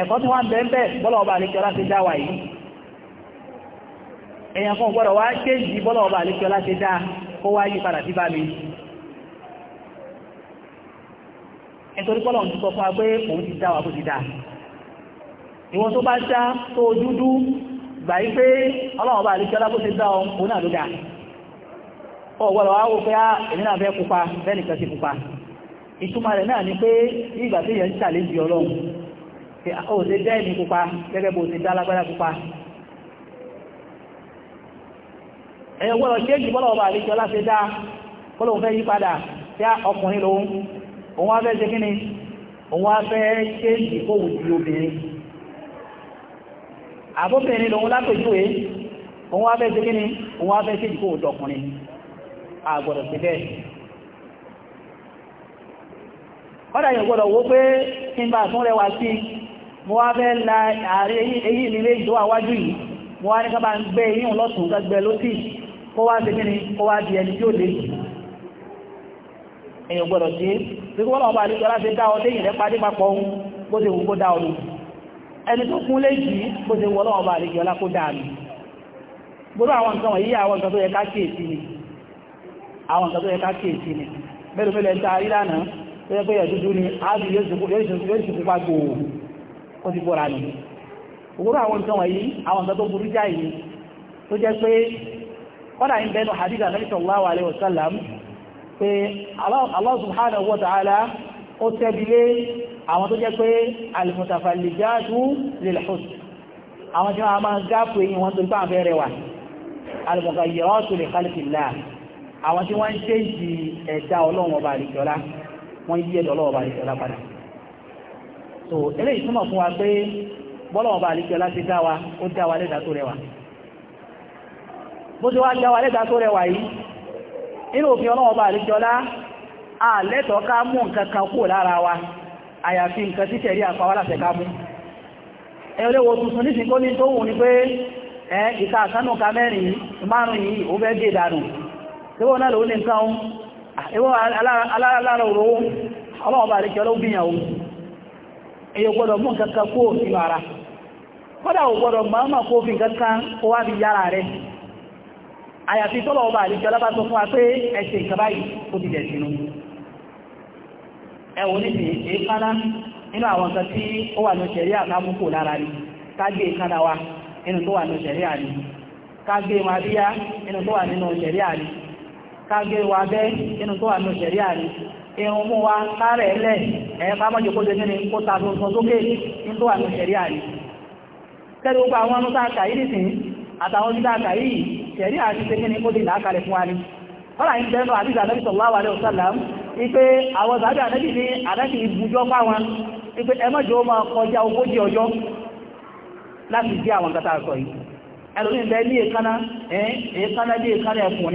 ẹ̀kọ́ tí wọ́n bẹ̀ ń bẹ̀ bọ́lọ̀ ọba àlékiọlá ti dá wa yìí èèyàn kan gbọ́dọ̀ wá kéjì bọ́lọ̀ ọba àlékiọlá ti dá kó wá yí padà sí bá mi nítorí bọ́lọ̀ ń sọ fún wa pé òun ti dá wa bó ti dá ìwọ́n tó bá dá tó dúdú gbà yí pé ọlọ́run ọba àlékiọlá bó ti dá òun náà ló dá ọ̀gbọ́dọ̀ wá wò pé á ah, èmi náà fẹ́ pupa bẹ́ẹ̀ nìkan sí pupa ìtumọ̀ rẹ̀ náà ni pé ìgbà tí èèyàn ń ṣàlejò ọlọ́run pé ah, ó ṣe jẹ́ ìní pupa gẹ́gẹ́ bó ṣe dá lágbára pupa ẹ̀yọ gbọ́dọ̀ ṣe jù bọ́lọ̀ ọba àlejò láti dá bọ́lọ̀ fẹ́ yí padà tí ọkùnrin lòun òun wá fẹ́ ṣe kíni òun wá fẹ́ ṣe jù kóhùn ju obìnrin àbóbìnrin lòun lápèjúwe òun wá fẹ́ ṣe kíni òun wá fẹ́ ṣe jù kóhùn tọkùnrin àgbọ̀dọ̀ sí bẹ́ẹ̀ kọ́dà yẹn gbọ́dọ̀ wo pé kí n bá tún rẹwà sí i mo wá fẹ́ la ààrẹ èyí nílé ìjọwà wájú yìí mo wá ní ká bá ń gbé eyín lọ́tún gbẹgbẹ e lótì kó wá ṣe kíni kó wá di ẹni tí ó lè èyàn gbọ́dọ̀ ṣe tí wọ́n ọba àlejò aláṣẹ dá ọ téyìn rẹ̀ padé papọ̀ ohun bó ṣe wù kó dá ọdún ẹni tó kún léjì bó ṣe wọ́n ọba àlejò ọlá kó dáa ni àwọn nǹkan tó yẹ ká kíyèsí ni mẹ́rin mẹ́rin ta rí ó ti bọ́ra nù òwúrọ̀ àwọn nǹkan wọ̀nyí àwọn nǹkan tó burú jáì ni tó jẹ́ pé kọ́dà ń bẹnu hadith anabi sallallahu alayhi wa sallam pé Allah subhanahu wa ta'ala ó tẹ́bilé àwọn tó jẹ́ pé al-mutafallijatu lil-husn àwọn tí wọ́n máa gáàpù eyín wọn ń ṣe ìjì ẹ̀dá ọlọ́run ọba àríkọ́lá wọ́n yí ẹ̀dá ọlọ́run ọba àríkọ́lá padà so eléyìí túmọ̀ fún wa pé bọ́lọ̀wọ̀n bá láti ó lẹ́dà tó rẹwà bó ti wá dá wa lẹ́dà tó rẹwà yìí inú òfin ọlọ́wọ̀n bá àlíkẹ́ ọlá àlẹ́tọ̀ ká mú nǹkan kan kúrò lára wa àyàfi nǹkan tí tẹ̀rí àpawá ká mú tuntun o ọlọ́wọ̀n bá ọlọ́wọ́ èyí gbọ́dọ̀ mú nǹkan kan kó nínú ara kọ́dà ò gbọ́dọ̀ máa kó fi nǹkan kó wá bí yára rẹ̀ àyàfi tọ́lọ̀ ọba àdíjọ lábá fún wa pé ẹ̀ṣẹ̀ nǹkan ti ẹ̀wọ̀n nínú àwọn tí ó wà ní ṣẹ̀rí lára ni ká gbé nínú tó wà ní ṣẹ̀rí àní ká gbé nínú tó wà nínú kágé wa bẹ́ inú tó wà ní òṣèré àrí irun mú wa kárẹ̀ ẹlẹ̀ ẹ̀ pámọ́jọ kó jẹ́ nínú kó ta tuntun sókè ní tó wà ní òṣèré àrí kẹ́lú gbogbo àwọn ọdún táàkà yìí nìsín àtàwọn ọdún táàkà yìí ṣẹ̀rí àti ni kó ti làákàlẹ̀ fún wa ni bẹ́ẹ̀ sọ̀lá wà lẹ́wọ̀ àwọn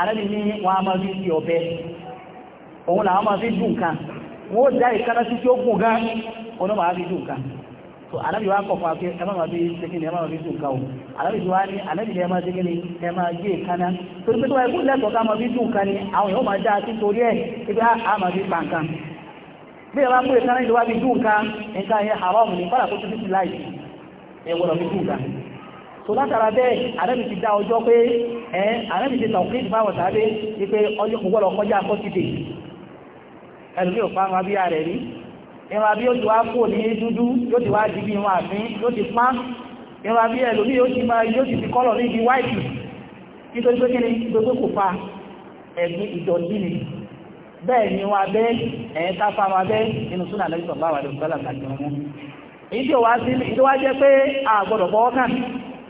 àrẹ́lì ní wọn a máa fi sí ọ̀bẹ òun làwọn máa fi dùn kan wọ́n ó dá ìkánná sí tí ó gùn gan oní máa fi dùn so àrẹ́lì wa kọ̀ akẹ́ ẹ máa fi ṣẹ́kìnì o àrẹ́lì tí wá ní àrẹ́lì ní ẹ máa ṣẹ́kìnì ẹ máa gbé ìkánná torí pé tó wáyé kún lẹ́tọ̀ọ́ ká máa fi dùn kan ni àwọn èèyàn máa dá sí torí ẹ̀ ibi á máa fi pàǹkan bí ẹ bá kú ìkánná ìlú wa fi dùn kan nǹkan haram ni kọ́lá kó tó fi láì ẹ̀wọ̀n lọ fi tó látara bẹ́ẹ̀ àrẹ́bì ti dá ọjọ́ pé ẹ́ àrẹ́bì ti tàn kíkì báwọn tàbí ní pé ọjọ́ púpọ̀lọ̀ kọjá fọ́sídé ẹlùmí òpá wọn bí ààrẹ rí ìwọ̀n bí ó ti wá kò ní dúdú yóò ti wá di bí wọn àfin yóò ti pán ìwọ̀n bí ẹlùmí yóò ti máa yóò ti fi kọ́lọ̀ ní ibi wáìtì nítorí pé kíni gbogbo kò fa ẹ̀gbin ìdọ̀tí ni bẹ́ẹ̀ ni wọn abẹ́ ẹ̀yẹn tá fa wọn abẹ́ inú súnà lẹ́yìn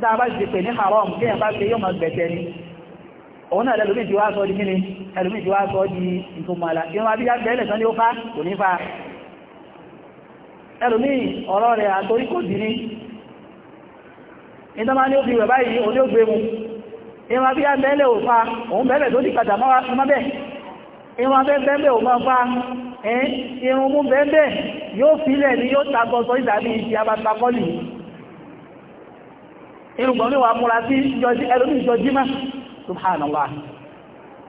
dáàbá ti pè ní haram kí ẹ̀ bá ṣe yóò máa gbẹ̀tẹ̀ ni òun náà lẹ́lùmí ti wá sọ di kíni lẹ́lùmí ti wá sọ di ìtumọ̀lá ìwọ̀n abíyá bẹ́ẹ̀lẹ̀ tán ní ó fá kò ní fa lẹ́lùmí ọ̀rọ̀ rẹ̀ àtorí kò dì ní ìdánmá ní ó fi rẹ̀ báyìí òní ó gbé mu ìwọ̀n abíyá bẹ́ẹ̀lẹ̀ ò fa òun bẹ́ẹ̀lẹ̀ tó di kàtà mọ́ irun abẹ́ bẹ́ẹ̀bẹ́ ò máa fa irun mú bẹ́ẹ̀bẹ́ yóò fílẹ̀ ni yóò tagbọ́sọ ìdàbí ìdí abatakọ́lì irùgbọ̀n ní wà múra sí ẹlòmí ìjọ jímá subhanallah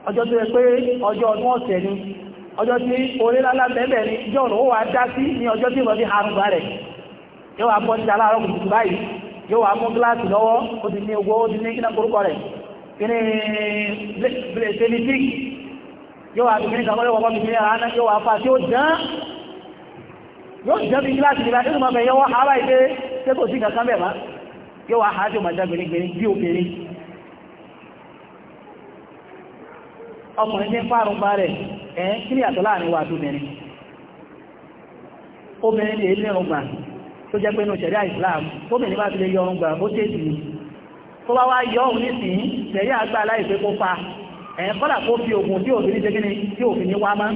ọjọ́ tó yẹ pé ọjọ́ ọdún ọ̀sẹ̀ ni ọjọ́ tí orílẹ̀-èdè bẹ̀ẹ̀bẹ̀ ni ìjọ ọ̀nà ó wà dá sí ní ọjọ́ tí ìrọ̀bí harùgbà rẹ̀ yóò wà bọ́ sí aláàrọ̀ kùtùkù báyìí yóò wà mú gíláàsì lọ́wọ́ ó ti ní ogbó ó ti ní kí náà korúkọ rẹ̀ kí ni selitik yóò wà bìkíní kan lọ́wọ́ bìkíní àánà yóò wà fà tí ó jẹ́ yóò jẹ́ bí gíláàsì nígbà tí ó mọ̀ bẹ̀ yọwọ́ ara ìdé tẹ́kọ̀ọ́ sí kankan bẹ̀ máa yóò wá hajjọ́ màjá gbèrègbèrè bí obìnrin ọkùnrin tí ń fárún bá rẹ̀ ẹ́ kí ni àtọ́ láàrin wà tóbìnrin obìnrin lè ní ọrùngbà tó jẹ́ pé ní ṣẹ̀ríà Islam tóbìnrin bá ti lè yọ ọrùngbà ó tèèdì ní tó bá wá yọ òun nísìn ṣẹ̀ríà àgbà aláìfẹ́ kó fa ẹ̀ kọ́là kó fi ògùn tí obìnrin jẹ́ gíní tí òfin ní wá má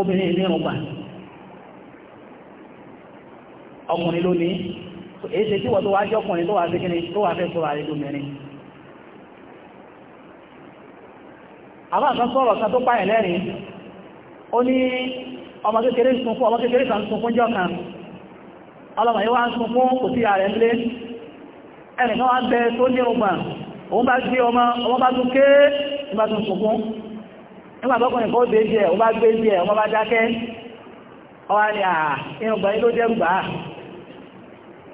obìnrin ní ọrùngbà ọkùnrin ló ní èyí ṣe tí wọ́n tó wá jọ́kùnrin tó wà sí kíni tó wà fẹ́ sọ àrídùmẹ́rin àwọn àkan sọ̀rọ̀ kan tó páyẹ̀ lẹ́rin ó ní ọmọ kékeré sunkún ọmọ kékeré kan sunkún jọ kan ọlọ́mọ yíwá ń sunkún kò sí ààrẹ ńlé ẹnìkan wá bẹ tó ní ọgbọ̀n òun bá gbé ọmọ ọmọ bá tún ké nígbà tún sunkún nígbà tọ́kùnrin kọ́ dé jẹ́ ọmọ bá gbé jẹ́ ọmọ bá dákẹ́ ọwá ni à inú gbà yí ló jẹ́ gbà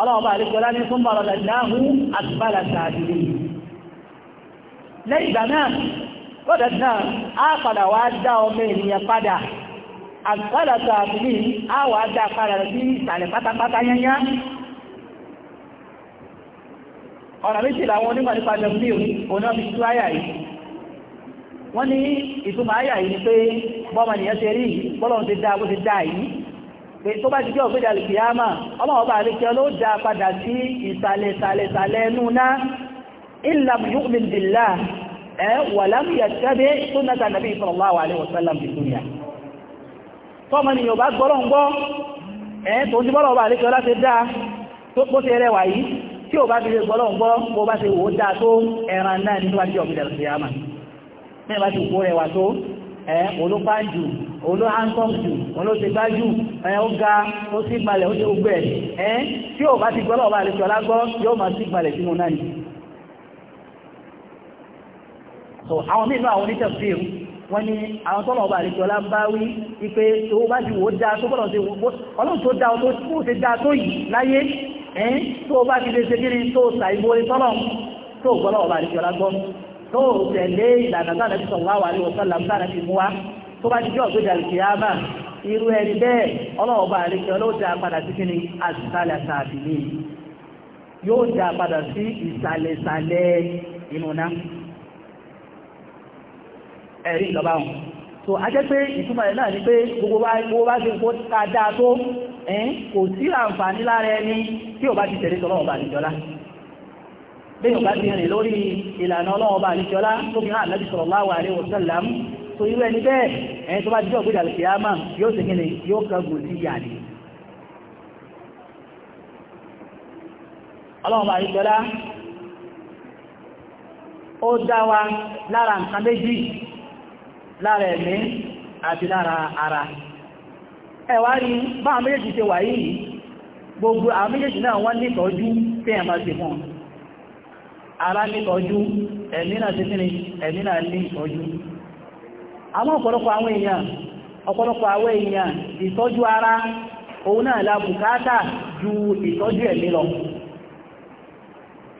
ọlọ́ọ̀bá àríkọlá ní fún bọ̀rọ̀ lẹ́dáhù àtìbálà sàájúrí lẹ́yìn ìgbà náà lọ́dẹ̀ náà a padà wá dá ọmọ ènìyàn padà àtìbálà sàájúrí a wà dá padà sí ìsàlẹ̀ pátápátá yányá ọ̀nà méjì làwọn onímọ̀ nípa jẹun oná pé tó bá ti jẹ́ òfin ìdàlẹ̀ kìyàmà ọmọ ọba àríkẹ́ ló dá padà sí ìsàlẹ̀ ìsàlẹ̀ ìsàlẹ̀ ẹnu náà illam yu'min billah ẹ wà lámìyà tẹ́bẹ̀ tó náà nàbí sallallahu alaihi wasallam bi dunya tọ́mọ ni yóò bá gbọ́rọ̀ ń gbọ́ ẹ tó ń bọ́rọ̀ ọba àríkẹ́ láti dá tó ṣe rẹwà yìí tí ò bá òun ló handsome jù òun ló ṣe gbájú ẹ̀ ó ga ó sì gbalẹ̀ ó ṣe gbogbo ẹ̀ ẹ́ tí ò bá ti gbọ́ lọ́wọ́ àlejò alágbọ́ yóò máa sì gbalẹ̀ sínú náà ni. so àwọn míì náà àwọn onítẹ̀fíìr wọ́n ní àwọn tọ́lọ̀ ọba àlejò ọlá ń tó bá ti wò ó dáa tó bọ́lọ̀ ṣe ọlọ́run tó dáa tó kó ṣe dáa tó yìí láyé ẹ́ tó bá ti lè ṣe kí ni tó ṣàìmọ́ ìtọ́lọ̀ tó gbọ́lọ̀ ọba àlejò ọlá gbọ́ tó tẹ̀lé ìlànà sáà tó bá jíjọ́ ọ̀gbẹ́jà ìkìyàmà irú ẹni bẹ́ẹ̀ ọlọ́ọ̀bá àríkẹ́ olóòdá padà sí kí ni àṣìṣàlẹ̀ àṣàbì ní yóò dá padà sí ìsàlẹ̀sàlẹ̀ ìnúná ẹ̀rí ìjọba hùn so a jẹ́ pé ìtumọ̀ ẹ̀ náà ni pé gbogbo bá ṣe kó dáadáa tó ẹ̀yìn kò sí àǹfààní lára ẹni tí ò bá ti tẹ̀lé tọ́lọ́ọ̀bá àríkẹ́ọlá bẹ́ẹ̀ ò bá ti rìn lórí ìlànà ọlọ́ọ̀bá àríkẹ́ọlá tó fi tó irú ẹni bẹ́ẹ̀ ẹni tó bá jíjọ́ ògbé ìdàlẹ̀ kìámà yóò ṣe kíni yóò kẹ́gùn sí ìyà ni ọlọ́run bá ìjọlá ó dá wa lára nǹkan méjì lára ẹ̀mí àti lára ara ẹ̀wà rí bá àwọn méjèèjì ṣe wà yìí gbogbo àwọn méjèèjì náà wọ́n nítọ́jú tí ẹ̀ máa ṣe fún ara nítọ́jú ẹ̀mí náà ṣe ẹ̀mí náà àmọ́ ọ̀pọ̀lọpọ̀ àwọn èèyàn ọ̀pọ̀lọpọ̀ àwọn èèyàn ìtọ́jú ara òun náà la bùkátà ju ìtọ́jú ẹ̀mí lọ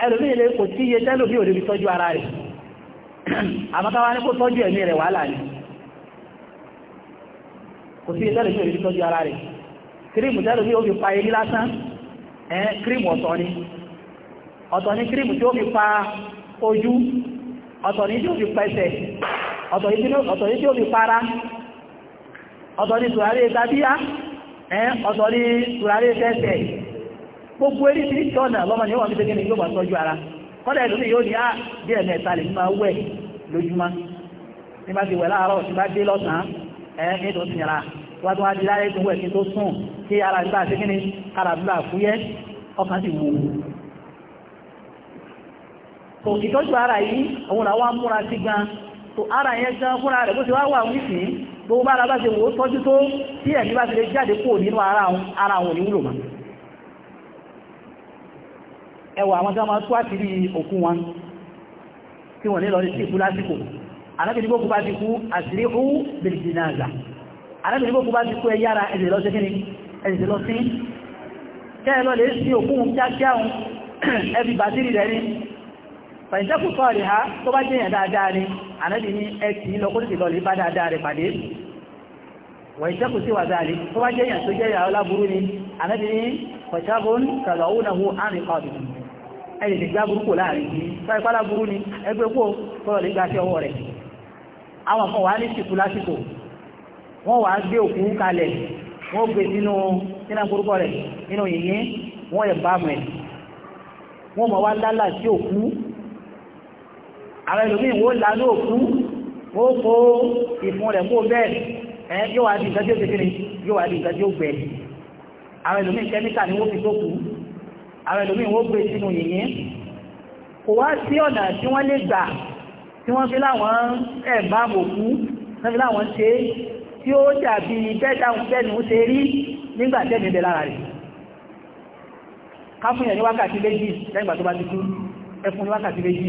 ẹlòmí ilé kò tí iye tẹ́lòmí ò lè tọ́jú ara rẹ̀ àmọ́káwá ní kó tọ́jú ẹ̀mí rẹ̀ wà láàrin kò sí iye tẹ́lòmí ò lè tọ́jú ara rẹ̀ kírímù tẹ́lòmí ó fi pa eré lásán ẹ̀ kírímù ọ̀tọ̀ ni ọ̀tọ̀ ni kírímù tí ó ọ̀tọ̀ ní tí ó fi pẹ̀sẹ̀ ọ̀tọ̀ tí ó fi para ọ̀tọ̀ ní tùràrí tàbíyá ọ̀tọ̀ ní tùràrí tẹ́sẹ̀ gbogbo erí tí tọ́nà lọ́mọ ni ó wà ní tẹ́gẹ́ ni yóò bá tọ́jú ara kọ́dà ìlúmi yóò ní á ah, bí ẹ̀mẹ́ta lè máa wẹ̀ lójúmọ́ ní bá ti wẹ̀ láàárọ̀ tí bá dé lọ́sàn-án ẹ̀ ní tó ti yàrá wá tó wá di láyé tó wẹ̀ kí tó sùn kí ara ìgbà àti kíni ara ìgbà fúyẹ́ ọkàn so ìtọ́jú ara yìí òun làwọn amúra sí gan so ara yẹn gan fúnra rẹ̀ bó ti wá wà wísìn gbogbo ara bá ti wò ó tọ́jú tó tí ẹ̀mí bá ti lè jáde kúrò nínú ara àwọn ara àwọn oníwúlò mọ́ ẹwà àwọn tí wọ́n máa tó àtìrí òkú wọn tí wọ́n nílọ sí ìkú lásìkò alábìnrin bó kú bá ti kú àtìrí ó bèrè jìnàzà alábìnrin bó kú bá ti kú ẹyára ẹ̀sẹ̀ lọ sí kíni fàìjẹ́kù sọ́ọ̀rì ha tó bá jẹ́yàn dáadáa ni ànábì ní ẹkì lọ́kọ́lùsì lọ́lẹ̀ bá dáadáa rẹ̀ pàdé wàìjẹ́kù sí wàzáàlì tó bá jẹ́yàn tó jẹ́yà ọláburú ni ànábì ní kọ̀ṣàbùn kàlọ́wùnàwó àrìn kọ́ọ̀dù ẹni tẹ̀gbá burúkú láàrin yìí fẹ́ pálá burú ni ẹgbẹ́ kó tọ́rọ̀ lè gbá sí ọwọ́ rẹ̀ àwọn kan wà ní sìkú lásìkò wọ́n wà gbé òkú kalẹ̀ wọ́n gbé nínú nínú burúkọ rẹ̀ nínú yìnyín wọ́n yẹ̀ bá mọ̀ ẹ̀ wọ́n mọ̀ wá lálà sí òkú àwọn ẹlòmí wo lánú òkú ó kó ìfún rẹ̀ kó bẹ́ẹ̀ ẹ yóò wá di ìgbà tí ó kékeré yóò wá di ìgbà tí ó gbẹ àwọn ẹlòmí kẹ́míkà ni wọ́n fi tó kú àwọn ẹlòmí wọ́n gbé sínú yìnyín kò wá sí ọ̀nà tí wọ́n lè gbà tí wọ́n fi láwọn ẹ̀bá òkú wọ́n fi láwọn ṣe tí ó dàbí bẹ́ẹ̀dáhùn ó ṣe rí nígbà tẹ́mi bẹ lára rẹ̀ ká fún yẹn ní wákàtí méjì lẹ́yìn ìgbà tó bá ti kú ẹ ní wákàtí méjì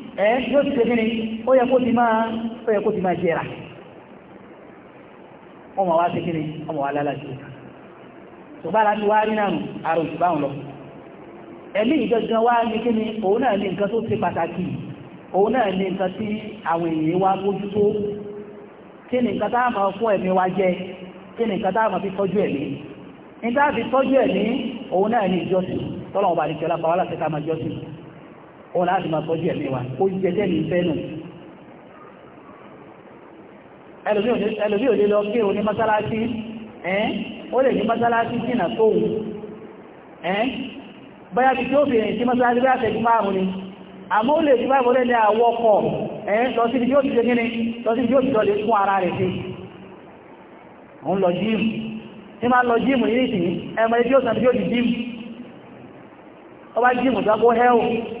ẹ́ yóò ti tẹ́kí ni ó yẹ kó ti máa ó yẹ kó ti máa jẹ́ra ọmọ wa tẹ́kí ni ọmọ wa lálàjú ṣùgbọ́n láti wá rí náà àrùn ti báwọn lọ ẹ̀mí ìjọjọ́ wá ní kí ni òun náà ní nǹkan tó ṣe pàtàkì òun náà ní nǹkan tí àwọn èèyàn wá bójú tó kí ni nǹkan táà máa fún ẹ̀mí wa jẹ kí ni nǹkan táà máa fi tọ́jú ẹ̀mí nígbà fi tọ́jú ẹ̀mí òun náà ní ìjọsìn tọ́lọ̀ ọba àdìkẹ́lá ó láti máa tọ́jú ẹ̀mí wa ó jẹjẹ́ ní ìfẹ́ ẹlòmí ò lè lọ kí o ní mọ́sálásí ẹ́n ó lè ní mọ́sálásí jìnà tóhun ẹ́n báyá ti tí ó bèèrè tí mọ́sálásí bá tẹ̀kú márùn ni àmọ́ lè ti báyìí wọlé ní àwọ ọkọ̀ ẹ́n lọ sí ibi ara tí ó ti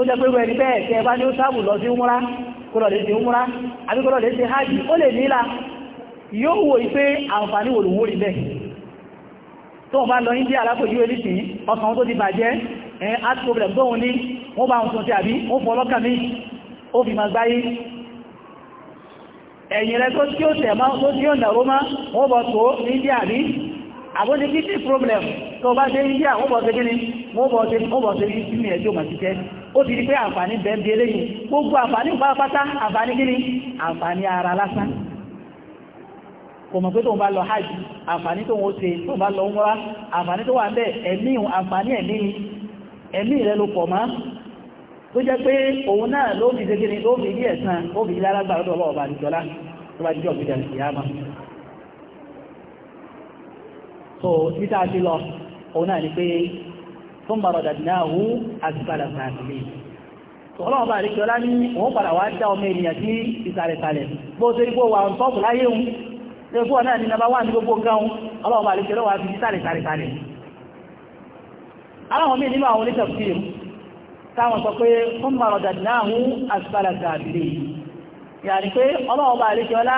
tó jẹ́ pẹ́rú ẹni bẹ́ẹ̀ tẹ́ bá ní ó sáàbù lọ sí umura kọ́lọ̀dé ti umura àbí kọ́lọ̀dé ti hajji ó lè nílá yóò wò ipé àǹfààní olùwò rí bẹ́ẹ̀ tó wọ́n bá lọ India alápòjú ẹni sí ọkàn tó ti bàjẹ́ heart problem tóhun ní wọ́n bá wọn ti àbí wọ́n fọ́ lọ́kàn mí ó fi máa gbáyé ẹ̀yìn rẹ̀ tó tí ó tẹ̀ máa tó tí ó nà ró máa wọ́n bọ̀ tó ní India àbí àbóní kí sí problem tó bá dé India wọ́n bọ̀ sí kí ni wọ́n bọ̀ sí kí ni ẹjọ́ màtíkẹ́ ó ti di pé àǹfààní bẹ́ẹ̀ bí eléyìí gbogbo àǹfààní pátápátá àǹfààní gíní àǹfààní ara lásán kò mọ̀ pé tóun bá lọ hajj àǹfààní tóun ó ṣe tóun bá lọ umra àǹfààní tó wà ń bẹ̀ ẹ̀mí àǹfààní ẹ̀mí ẹ̀mí rẹ̀ ló pọ̀ mọ́ tó jẹ́ pé òun náà ló fi ṣe gíní ló fi rí ẹ̀sán ó fi rí alágbà lọ́dọ̀ ọlọ́wọ́ òun náà ni pé ثم رددناه أسفل سافلين ọlọ́run bá àríkẹ́ ọlá ní òun padà wá dá ọmọ ènìyàn sí ìsàrẹ̀sàrẹ̀ bó ṣe rí gbówà ń tọ́pù láyé un lè fún ọ̀nà ní nàbá wà ní gbogbo gáun ọlọ́run bá àríkẹ́ lọ́wà fi ìsàrẹ̀sàrẹ̀ aláwọn míì nínú àwọn onítafsir táwọn sọ pé fún maradadnahu asfala safilin yàrí pé ọlọ́run bá àríkẹ́ ọlá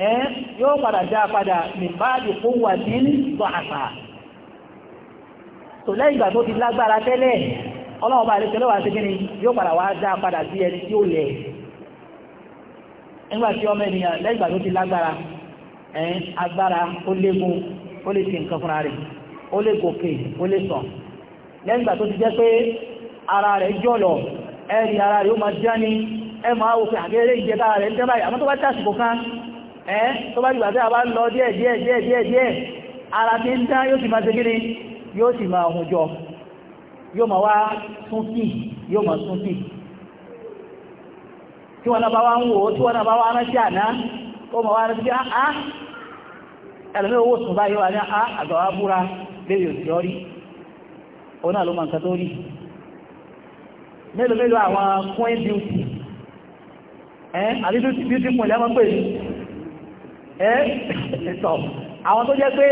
ẹ́ yoo padà já padà nìbáàdì fún wà ní ìgbà àpá tò lẹ́yìn ìgbà tó ti lágbára tẹ́lẹ̀ ọlọ́run bá àdékẹ́lẹ́ wà sí kíni yóò padà wá já padà sí ẹni tí ó lẹ̀ nígbà tí ọmọ ènìyàn lẹ́yìn ìgbà tó ti lágbára ẹ́ agbára ó légun ó lè ṣe nǹkan fúnra rẹ̀ ó lè gòkè ó lè sàn lẹ́yìn ìgbà ti jẹ́ ara rẹ̀ jọ̀lọ̀ ara kan ẹ́ tó bá jùgbà bá lọ díẹ̀ díẹ̀ díẹ̀ díẹ̀ díẹ̀ ara tí ń dán yóò sì máa segiri yóò sì máa hun jọ yóò máa wá sún yóò máa sún tí wọ́n náà bá wá ń wò ó tí wọ́n náà bá wá rántí àná ó máa wá rántí ah, ah. á ẹ̀lẹ́mí owó sùn ẹ́ eh? sọ àwọn tó jẹ́ pé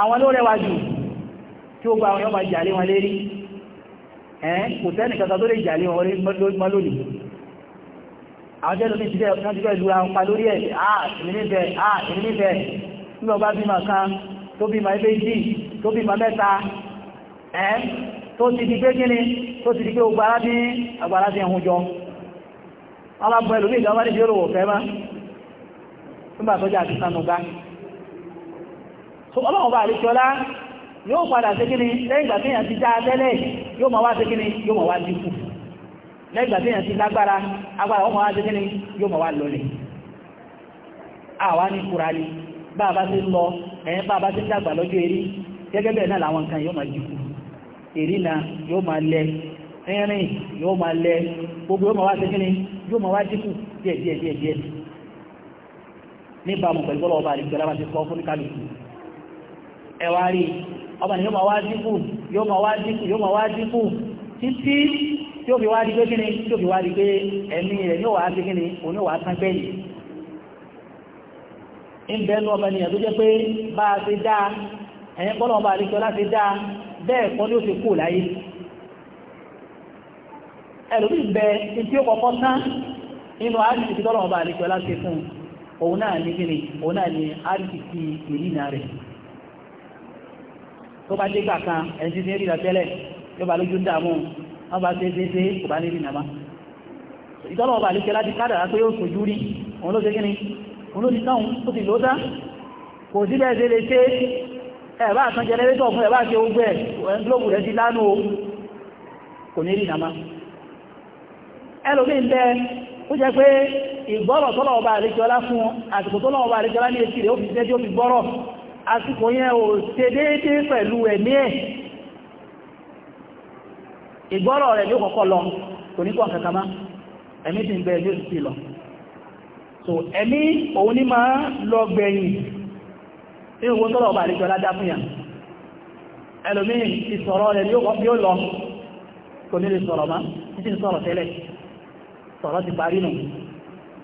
àwọn ló rẹwà jù tí ó gba àwọn ọmọ ìjàlé wọn lérí ẹ́ eh? kò tẹ́nì kankan tó lè jàlé wọn mọ́ lónìí àwọn jẹ́ lómi jíjẹ́ wọ́n ti fẹ́ lura ń pa lórí ẹ̀ àà ìrìnlẹ́fẹ́ àà ìrìnlẹ́fẹ́ nígbà bá bímọ kan tó bímọ ẹgbẹ́ ìdí tó bímọ mẹ́ta ẹ́ eh? tó ti di pé kíni tó ti di pé ogbàrá bí agbàrá ti ẹ̀hún jọ wọ́n bá bọ́ ẹlòmí ìjọba ní ìjọ́rò wọ̀ fẹ́ máa nígbà tọ́jà àti sanúgbá ọlọ́run bá àríkíọlá yóò padà sí kíni lẹ́yìn ìgbà téèyàn ti já tẹ́lẹ̀ yóò máa wá sí kíni yóò máa wá dínkù ti lágbára agbára wá sí yóò wá lọlẹ̀ ní bá bá lọ yóò máa wá níbàmù pẹ̀lú ọba àdìgbẹ́ lábá ti sọ fún kálukú ẹ̀wà rí ọba ni yóò máa wá dínkù yóò máa wá dínkù yóò máa wá dínkù títí tí ó fi wá di pé kíni tí ó fi wá di pé ẹ̀mí rẹ̀ ní òwà ti kíni òní òwà tán gbẹ̀yìn ń bẹ́ẹ̀ ní ọba ènìyàn tó jẹ́ pé bá a ti dáa ẹ̀yẹn kọ́ lọ́wọ́ bá a ti sọ láti dáa bẹ́ẹ̀ kọ́ ni ó ti kú láyé ẹlòmíì bẹ tí ó kọ́kọ́ tán nínú àdìsí tọ́lọ́wọ́ bá a ti sọ láti fún un òun náà ní gíní òun náà ní rtc ìrìnà rẹ̀ tó bá dégbà kan ẹni tí ń rìnà tẹ́lẹ̀ yóò bá lójú dààmú wọ́n bá ṣe ṣe ṣe kò bá ní rìnà má ìtọ́lọ̀ ọba àlùkẹ́ láti kádàrá pé yóò sojú rí òun ló ṣe gíní òun ló ti tán ó ti lóta kò sí bẹ́ẹ̀ ṣe lè ṣe ẹ̀bá àtàn jẹnẹrétọ̀ fún ẹ̀bá ṣe ogbẹ́ ẹ̀ńglóòbù rẹ̀ ti lánú kò ní rìnà má ẹlòmí ń bẹ ó jẹ pé ìgbọ́rọ̀ tọ́lọ̀ọba àríkọlá fún àsìkò tọ́lọ̀ọba àríkọlá ní èsì rẹ̀ ó fi jẹ́ tí ó fi gbọ́rọ̀ àsìkò yẹn ò ṣe déédéé pẹ̀lú ẹ̀mí ẹ̀ ìgbọ́rọ̀ rẹ̀ ní kọ̀kọ́ lọ kò ní kọ̀ kàkàmá ẹ̀mí ti ń bẹ ní òsìsì lọ so ẹ̀mí òun ní máa lọ gbẹ̀yìn nínú owó tọ́lọ̀ọba àríkọlá dá fún yàn ẹlòmíì ìsọ̀rọ̀ rẹ̀ ní ó lọ kò ní lè sọ̀rọ̀ má títí sọ̀rọ̀ tẹ́lẹ̀ sọ̀rọ̀ ti parí nù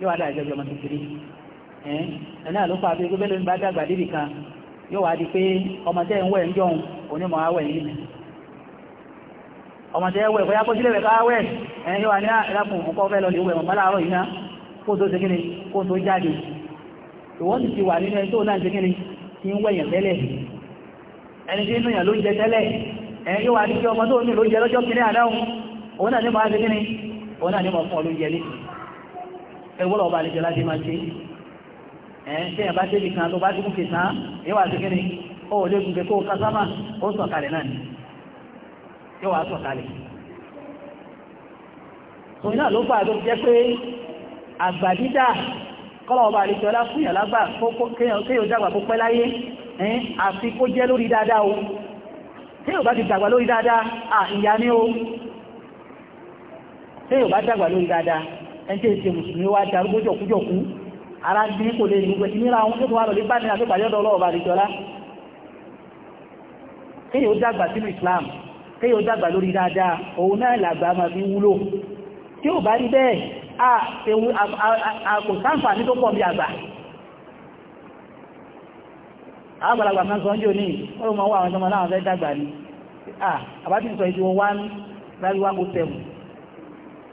yóò wá dá ìjọba ọmọ ẹ̀ náà ló fà bí gbogbo ẹlòmí dàgbà débì kan yóò wá di pé ọmọdé ń wẹ̀ ń jọun onímọ̀ awẹ̀ yìí ọmọdé ẹwẹ̀ bóyá kó sílẹ̀ rẹ̀ káwẹ̀ ẹ̀yìn yóò wà ní ah, ẹ̀lákùn ọkọ̀ fẹ́ lọ lè wẹ̀ ọ̀pá láàárọ̀ ìná kó tó ṣe kó tó jáde ìwọ́n ti ti wà nínú ẹgbọ́n ọba àlejò láti máa ṣe ẹ̀ ṣe ẹ̀ bá ṣe lè kan tó bá dúkùn kìtà yóò wá sí kíni ó lè gùn kó kásámà ó sọ̀kalẹ̀ náà ni yóò wá sọ̀kalẹ̀ tòun náà ló fà tó jẹ́ pé àgbà dídà kọ́lọ̀ ọba àlejò ọlá fún ìyàlágbà kéèyàn dàgbà kó pẹ́ láyé àfi kó jẹ́ lórí dáadáa o téèyàn bá ti dàgbà lórí dáadáa à ìyá ni o téèyàn bá dàgbà lórí dáadáa ẹni tí èsì mùsùlùmí wá darúgbó jọ̀kújọ̀kú ara ń bí kò lè ní gbé ìnira àwọn tó wà lọ lè bá ní àgbégbà yọ́dọ̀ ọlọ́ọ̀bà àdìjọ́lá kéyìí ó dàgbà sínú Islam kéyìí ó dàgbà lórí dáadáa òun náà làgbà máa fi wúlò tí ò bá rí bẹ́ẹ̀ kò sáǹfà ní tó pọ̀ bí àgbà àgbàlagbà kan sọ ń jò ní ó mọ̀ wà àwọn ọmọ láwọn fẹ́ dàgbà ní àbájú sọ ìdíwọ́ 1 láríwá kó tẹ̀wọ̀n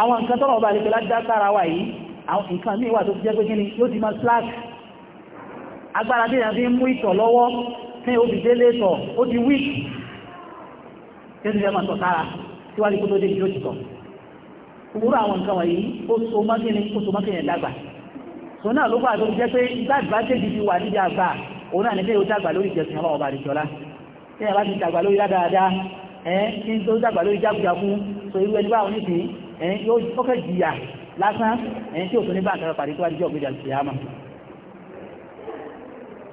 àwọn nǹkan tọ́rọ ọba àlejò láti dákàrà wà yìí àwọn nǹkan míì wà tó ti jẹ́ pé kíni yóò ti máa slack agbára tí ìyàfi ń mú ìtọ̀ lọ́wọ́ ní obì délé tọ̀ ó ti weak tí ó ti fẹ́ máa tọ̀ sára tí wá ní kó tó dé ìjọ́ ìtọ̀ òwúrọ̀ àwọn nǹkan wọ̀nyí ó so mákìnrin ó so mákìnrin dàgbà so náà ló pàdé jẹ́ pé ìgbàgbà tèjì bá ti dàgbà lórí dáadáa ẹ kí n tó dàgbà lórí jágùjágún so irú ẹni báwọn nídìí ẹ̀yìn yóò kọ́kẹ́ jìyà lásán ẹ̀yìn tí ò tún ní báǹkà pàdé tó wá díjọ́ ògbéjà sí àmà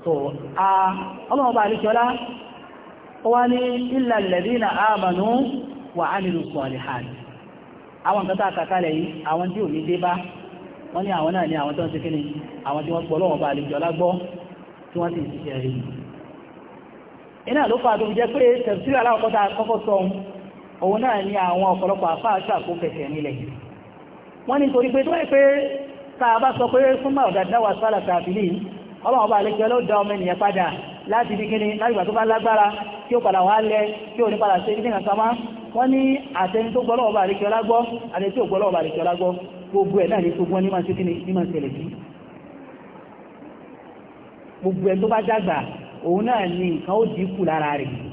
so ọlọ́mọba àríkọ́lá ó wá ní illa alladhina amanu wa amilu salihat àwọn a iná ló jẹ́ pé aláwọ̀kọ́ta kọ́kọ́ òun náà ni àwọn ọ̀pọ̀lọpọ̀ àfáàṣà kó fẹ̀sẹ̀ nílẹ̀ wọ́n ní torí pé tó wáyé pé tá a bá sọ pé fún máa ọ̀dà dáwà sálà tàbílì ọlọ́run ọba àlejò ló dá ọmọ ènìyàn padà láti bí kíni láti ìgbà tó bá lágbára tí ó padà wá lẹ tí ò ní padà ṣe nígbà sámá wọ́n ní àtẹni tó gbọ́ lọ́wọ́ bá àlejò lágbọ́ àti tí ò gbọ́ lọ́wọ́ bá àlejò lágbọ́ gbogbo ẹ̀ náà ní gbogbo ní máa ṣe kíni òun náà ní nǹkan ó dínkù lára rẹ̀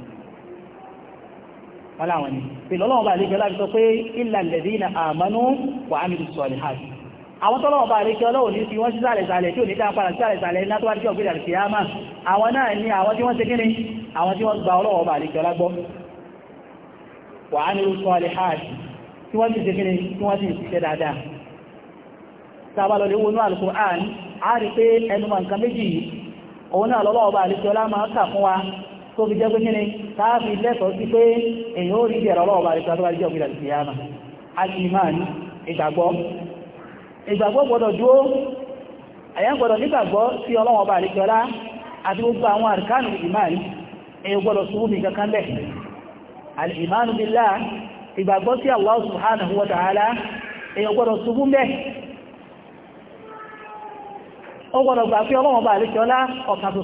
wọ́n láwọn ni pẹ̀lú ọlọ́wọ́ bá àlékẹ́ láti sọ pé illa alladhina amanu wa amilu salihat àwọn tọ́lọ́wọ́ bá àlékẹ́ ọlọ́wọ́ ní fi wọ́n sí sàlẹ̀ sàlẹ̀ tí ò ní dáa padà sàlẹ̀ sàlẹ̀ iná tó wá díjọ́ gbéra sí àmà àwọn náà ni àwọn tí wọ́n ṣe kíni àwọn tí wọ́n gba ọlọ́wọ́ bá àlékẹ́ ọlágbọ́ wa amilu tó fi jẹ́ pé kíni káàfi lẹ́tọ̀ọ́ sí pé èyàn ó rí ìjẹ̀rọ ọlọ́ọ̀bà rẹ̀ tó bá jẹ́ òkúta ti yáma alìmáàní ìgbàgbọ́ ìgbàgbọ́ gbọ́dọ̀ dúó àyàn gbọ́dọ̀ nígbàgbọ́ sí ọlọ́ọ̀bà rẹ̀ àti bụ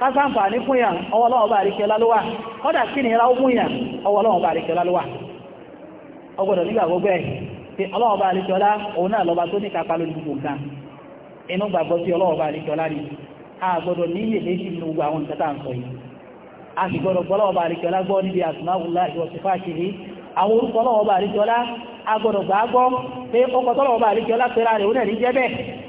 kásáǹfà ní fún yàn ọwọ́ Ọlọ́run bá àríkẹ́ lálówà kọ́dà kí ni ìráwó fún yàn ọwọ́ Ọlọ́run bá àríkẹ́ ọgbọ̀dọ̀ nígbà gbogbo ẹ̀ pé Ọlọ́run bá àríkẹ́ ọlá òun náà lọ́ba ní kápá gbogbo nǹkan inú gbàgbọ́ sí Ọlọ́run bá a ọlá a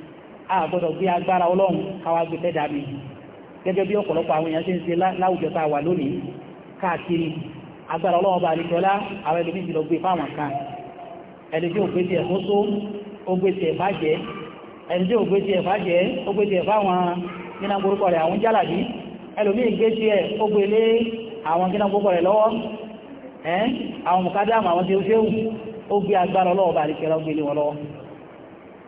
a gbọ́dọ̀ gbé agbára ọlọ́run káwá gbé tẹ́dà mi gẹ́gẹ́ bí ọ̀pọ̀lọpọ̀ àwọn èèyàn ṣe ń ṣe láwùjọ tá a wà lónìí káàkiri agbára ọlọ́run bá àlejọ́lá àwọn ẹlòmíì ti lọ gbé fáwọn kan ẹni tí ò gbé tiẹ̀ tó tó ó gbé tiẹ̀ bàjẹ́ ẹni tí ò gbé tiẹ̀ bàjẹ́ ó gbé tiẹ̀ fáwọn gíná gbórúkọ rẹ̀ àwọn jálàbí ẹlòmíì rẹ̀ lọ́wọ́ ẹ́ àwọn mùkádàmù àwọn tí ó ṣéwù ó gbé agbára ọlọ́run bá àlejọ́lá wọn lọ́wọ́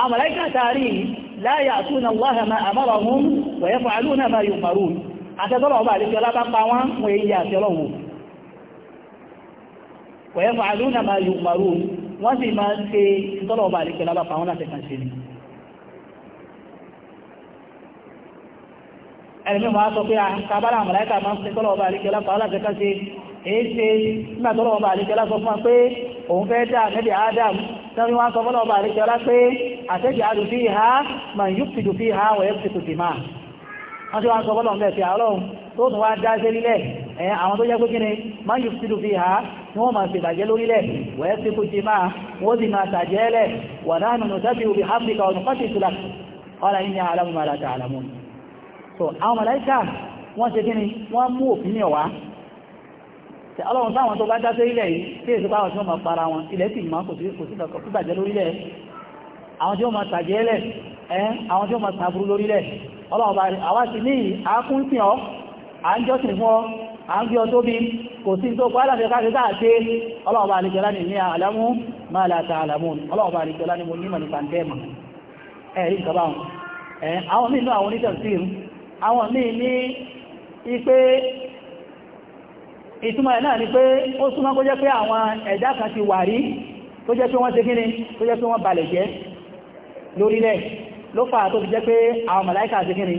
àmàlẹ́kà tààrí láyà àtúnà wáhà ma àmọ́rọ̀ mú wẹ̀yẹ́ fàálù náà ma yóò marú àtẹ́tọ́lọ̀ ọba àti ọlá bá pa wọ́n mú èyí àti ọlọ́wọ́ wẹ̀yẹ́ fàálù náà ma yóò marú wọ́n sì máa ń ṣe òun fẹ́ dá nẹ́bí Ádámù tẹ́rí wọ́n sọ fọ́lọ̀ ọba àríkẹ́ ọlá pé àtẹ́jì àrù fi ha ma yíò fi jù fi ha wọ̀ yẹ́ fi kù ti máa wọ́n tí wọ́n sọ fọ́lọ̀ ọ̀fẹ́ fi àlọ́run tó tún wá dáṣẹ́ lílẹ̀ ẹ̀yẹn àwọn tó jẹ́ pé kíni ma yíò fi jù fi ha ni wọ́n máa fi bàjẹ́ lórílẹ̀ wọ̀ yẹ́ fi kù ti máa wọ́n sì máa tàjẹ́ ni àlámù ọlọ́run táwọn tó bá dá sí ilẹ̀ yìí tí èsì pàwọn tí wọ́n máa para wọn ilẹ̀ sì máa kò sí kò sí bàjẹ́ lórílẹ̀ àwọn tí wọ́n máa tàjẹ́ lẹ̀ ẹ́ àwọn tí wọ́n máa tàbúrú lórílẹ̀ ọlọ́run bá àwa sì ní àákúnsìn ọ́ à ń jọ́sìn fún ọ à ń gbé ọ tóbi kò sí tó pàdà fẹ́ káàkiri káàkiri ọlọ́run bá nìjọlá ní ní àlámú máa láta àlámú àwọn míì ní ipé ìtumọ̀ ẹ̀ ni pé ó súnmọ́ kó jẹ́ pé àwọn ẹ̀dá kan ti wà rí tó jẹ́ pé wọ́n ṣe kíni tó jẹ́ pé wọ́n balẹ̀ jẹ́ lórílẹ̀ ló fà tó fi jẹ́ pé àwọn màláíkà ṣe kíni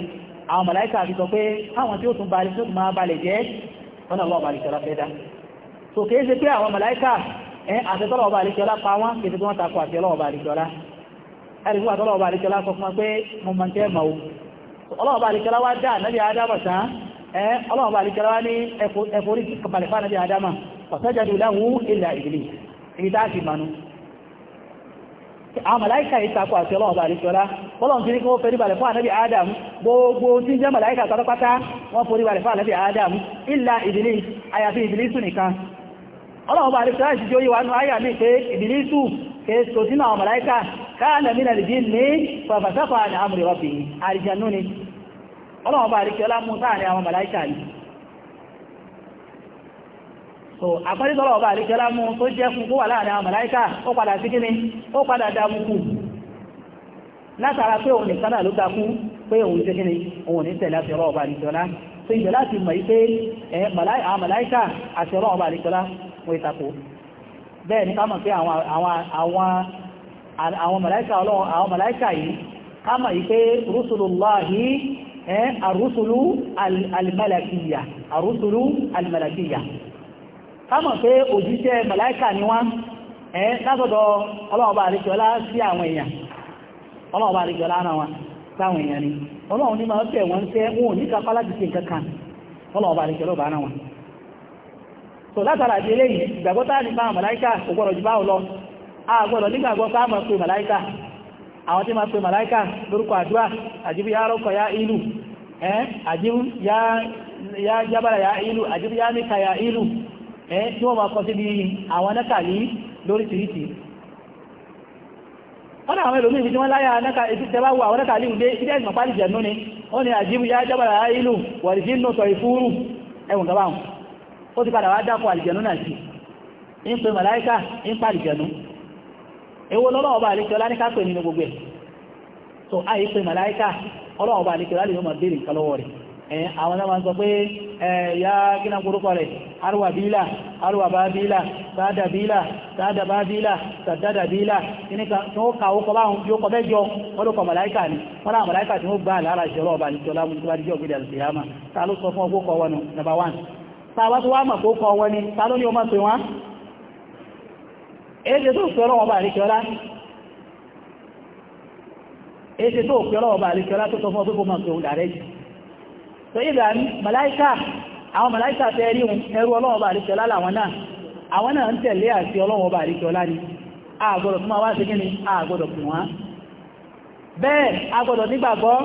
àwọn màláíkà fi sọ pé àwọn tí ó tún balẹ̀ jẹ́ ọlọ́ọ̀bà àlìṣọ́lá fẹ́ dá so kìí ṣe pé àwọn ọlọ́ọ̀bá eh, alìkẹ́lá ní ẹ̀fọ́rí kàbàlẹ̀fà náà bí adama ọ̀sẹ́jẹ̀dù láwú ilẹ̀ ìgbìlì ibi tá ti manú àwọn màláìkà ìtakò àti ọlọ́ọ̀bá alìkẹ́lá ọlọ́ọ̀bá tí kó fẹ́rí balẹ̀ fún ànábì adam gbogbo tí ń jẹ́ màláìkà pátápátá wọ́n forí balẹ̀ fún ànábì adam ilẹ̀ ìdìlì àyàfi ìdìlì sùn nìkan ọlọ́ọ̀bá alìkẹ́lá ti jó yíwa nú àyà ní pé ìdìlì sùn kéèso ọlọ́wọ́ bá àríkẹ́ ọlá mú sáàrin àwọn màláíkà so àpẹẹrẹ ọlọ́wọ́ bá àríkẹ́ ọlá mú tó jẹ́ fún kó wà láàrin àwọn màláíkà ó padà sí kíní ó padà dámúkù látara pé òun nìkan náà ló dákú pé òun sí kíní òun ní àrùsùlù alìmọ̀lẹ́kìyà àrùsùlù alìmọ̀lẹ́kìyà kámọ̀ pé òjíṣẹ́ màláíkà ni wọ́n ẹ́ látọ̀dọ̀ ọlọ́ọ̀bá àríkọ́lá sí àwọn èèyàn ọlọ́ọ̀bá àríkọ́lá náà wọn sáwọn ni ọlọ́run ní máa fẹ́ ma tẹ́ wọn ò ní kápá láti ṣe kankan ọlọ́ọ̀bá so ìgbàgbọ́ta nípa lọ a àwọn tí ma pe màláíkà lórúkọ àdúrà àjíbú ya rọ́kọ̀ ya ìlú ẹ́ àjíbú ya jábára ya ìlú àjíbú ya níka ya ìlú ẹ́ tí wọ́n ma kọ sí bí àwọn nákàlí lóríṣiríṣi wọ́n àwọn ẹlòmí ìbí tí wọ́n láyà náka ètí tẹ́bá wọ àwọn náka líhùn dé ilé ẹ̀sìn pàlì jẹ̀nú ni wọ́n ni àjíbú ya jábára ya ìlú wọ̀rìjì nù sọ ìfúrù ẹ̀wùn gabáhùn ó ti padà wá dákọ̀ àlìjẹ̀nú náà sí ń màláíkà ń èwo lọ́lọ́wọ́ bá àlékẹ́ ọlá ní ká pè nínú gbogbo ẹ̀ so àyè pé màláíkà ọlọ́wọ́ bá àlékẹ́ ọlá lè yóò máa béèrè nǹkan lọ́wọ́ rẹ̀ ẹ̀ àwọn náà máa ń sọ pé ẹ̀yà gínà gbórúkọ rẹ̀ arúwà bíílà arúwà bá bíílà sáádà bíílà sáádà bá bíílà sàdádà bíílà nípa tí ó kà ó kọ ni wọ́n náà màláíkà tí ó gbà lára ìṣẹ́ ọlọ́ọ̀bà ní ìjọlá mú nípa díjọ́ gbéra number one ta bá ni ta ló ní ọmọ èéṣe tó fi ọlọ́wọ́ bá àríkẹ́ọ́lá èéṣe tó fi ọlọ́wọ́ bá àríkẹ́ọ́lá tó sọ fún ọdún mọ̀ tó dàrẹ́ jù so ìgbà màláíkà àwọn màláíkà tẹ́ rí ẹrú ọlọ́wọ́ bá àríkẹ́ọ́lá làwọn náà àwọn náà ń tẹ̀lé àti ọlọ́wọ́ bá àríkẹ́ọ́lá ni àgbọ̀dọ̀ tó máa wá sí kíni àgbọ̀dọ̀ kùn wá bẹ́ẹ̀ agbọ̀dọ̀ nígbàgbọ́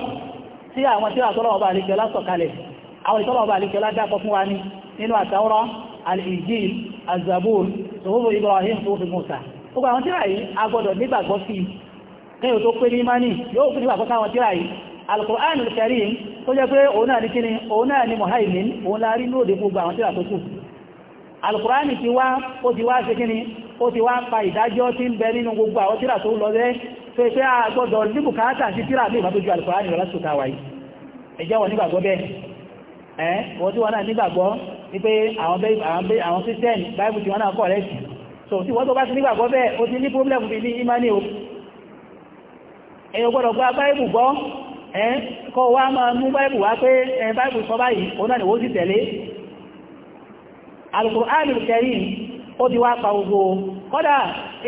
sòwòrò Ibrahim tó fi Musa gbogbo àwọn tíra yìí a gbọ́dọ̀ nígbàgbọ́ sí i o tó pé ní mani yóò fi nígbàgbọ́ sáwọn tíra yìí Al-Qur'an Al-Karim tó jẹ́ pé òun náà ní kíni òun náà ní Muhaimin òun láàrí lóòdé gbogbo àwọn tíra tó kù Al-Qur'an ti wá ó ti wá ṣe kíni ó ti wá pa ìdájọ́ tí ń bẹ nínú gbogbo àwọn tíra tó lọ rẹ́ pé pé a gbọ́dọ̀ níbùkátà sí tíra ní ìbátójú Al-Qur'an ìrọ̀lá ẹ́ wọ́n tí wọ́n náà nígbàgbọ́ wípé àwọn christian bible tí wọ́n náà correct so tí wọ́n tó bá ti nígbàgbọ́ bẹ́ẹ̀ ó ti ní problem bí ní imani o èyàn gbọ́dọ̀ gba bible gbọ́ ẹ́ kọ́ wá máa mú bible wá pé bible sọ báyìí òun náà ni wọ́n sì tẹ̀lé Al-Qur'anul Karim ó ti wá pa gbogbo kọ́dà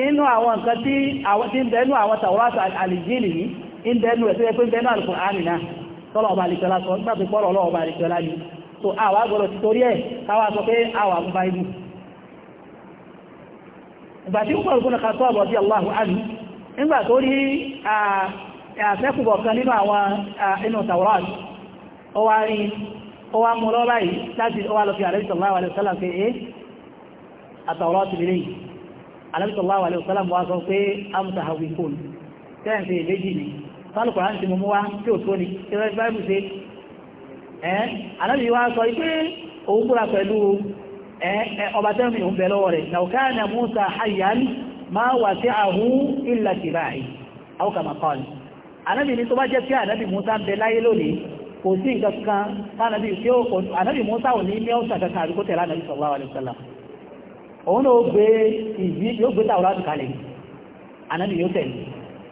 inú àwọn nǹkan tí ń bẹnu àwọn Tawrat àlìjìnì yìí ń bẹnu ẹ̀ tó yẹ pé ń bẹnu Al-Qur'an tọ́lọ̀ ọba àlìkọ́lá sọ nígbà pé pọ́lọ̀ ọlọ́ ọba àlìkọ́lá ni so àwa gbọ́dọ̀ ti torí ẹ̀ káwa sọ pé àwa mú báyìí ìgbà tí Umar ibn Khattab radiyallahu anhu nígbà tó rí àfẹ́kùbọ̀ kan nínú àwọn inú Tawrat ó wá rí ó wá mú lọ báyìí láti ó wá lọ fi sálùkọ̀ láti mú wá tí ò tó ni tí wọ́n bá bù ṣe ẹ́ alábì wá sọ pé òun búra pẹ̀lú ọba tẹ́mi òun bẹ̀ lọ́wọ́ rẹ̀ law kana Musa hayyan ma wasi'ahu illa tiba'i aw kama qala anábì ní tó bá jẹ́ pé anábì Musa bẹ láyé lónìí kò sí nǹkan kan tánàbì tí ó kò anábì Musa ò ní ní ọ̀sán kankan àbíkó tẹ̀lá anábì sallallahu alaihi wasallam òun ló gbé ìdí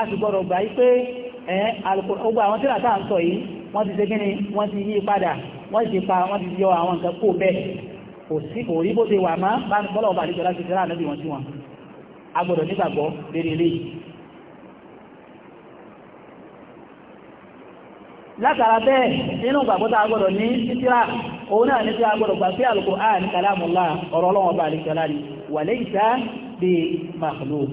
a sì gbọ́dọ̀ gbà yí pé ogbà àwọn tíra tá à ń sọ yìí wọ́n ti ṣe kí ni wọ́n ti yí padà wọ́n ti pa wọ́n ti yọ àwọn nǹkan kó bẹ́ẹ̀ kò sí kò rí bó ṣe wà má bá ń bọ́lọ̀ ọba àdìjọ láti ṣe láàánú bí wọ́n sí wọn a gbọ́dọ̀ nígbàgbọ́ lérí eléyìí látara bẹ́ẹ̀ nínú gbàgbọ́ tá a gbọ́dọ̀ ní títíra òun náà ní tí a gbọ́dọ̀ gbà pé Al-Qur'an kalamullah ọ̀rọ̀ ọlọ́wọ́n ọba àdìjọ láti wà lẹ́yìn sá bíi makhluq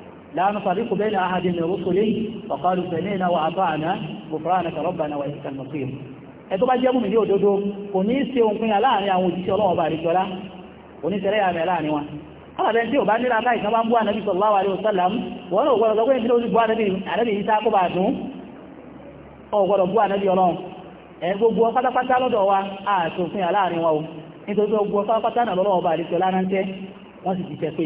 لا نفرق بين أحد من رسله وقالوا سمعنا وأطعنا غفرانك ربنا وإليك المصير ẹ̀tọ́ bá jẹ́ mú mi ní òdodo kò ní ṣe òun pínyà láàrin àwọn òjíṣẹ́ ọlọ́wọ́ bá àríjọlá kò ní tẹ̀lé ọla láàrin wọn alábẹ́ tí ò bá nílá láì kan bá ń bú wọ́n tí ó ti bú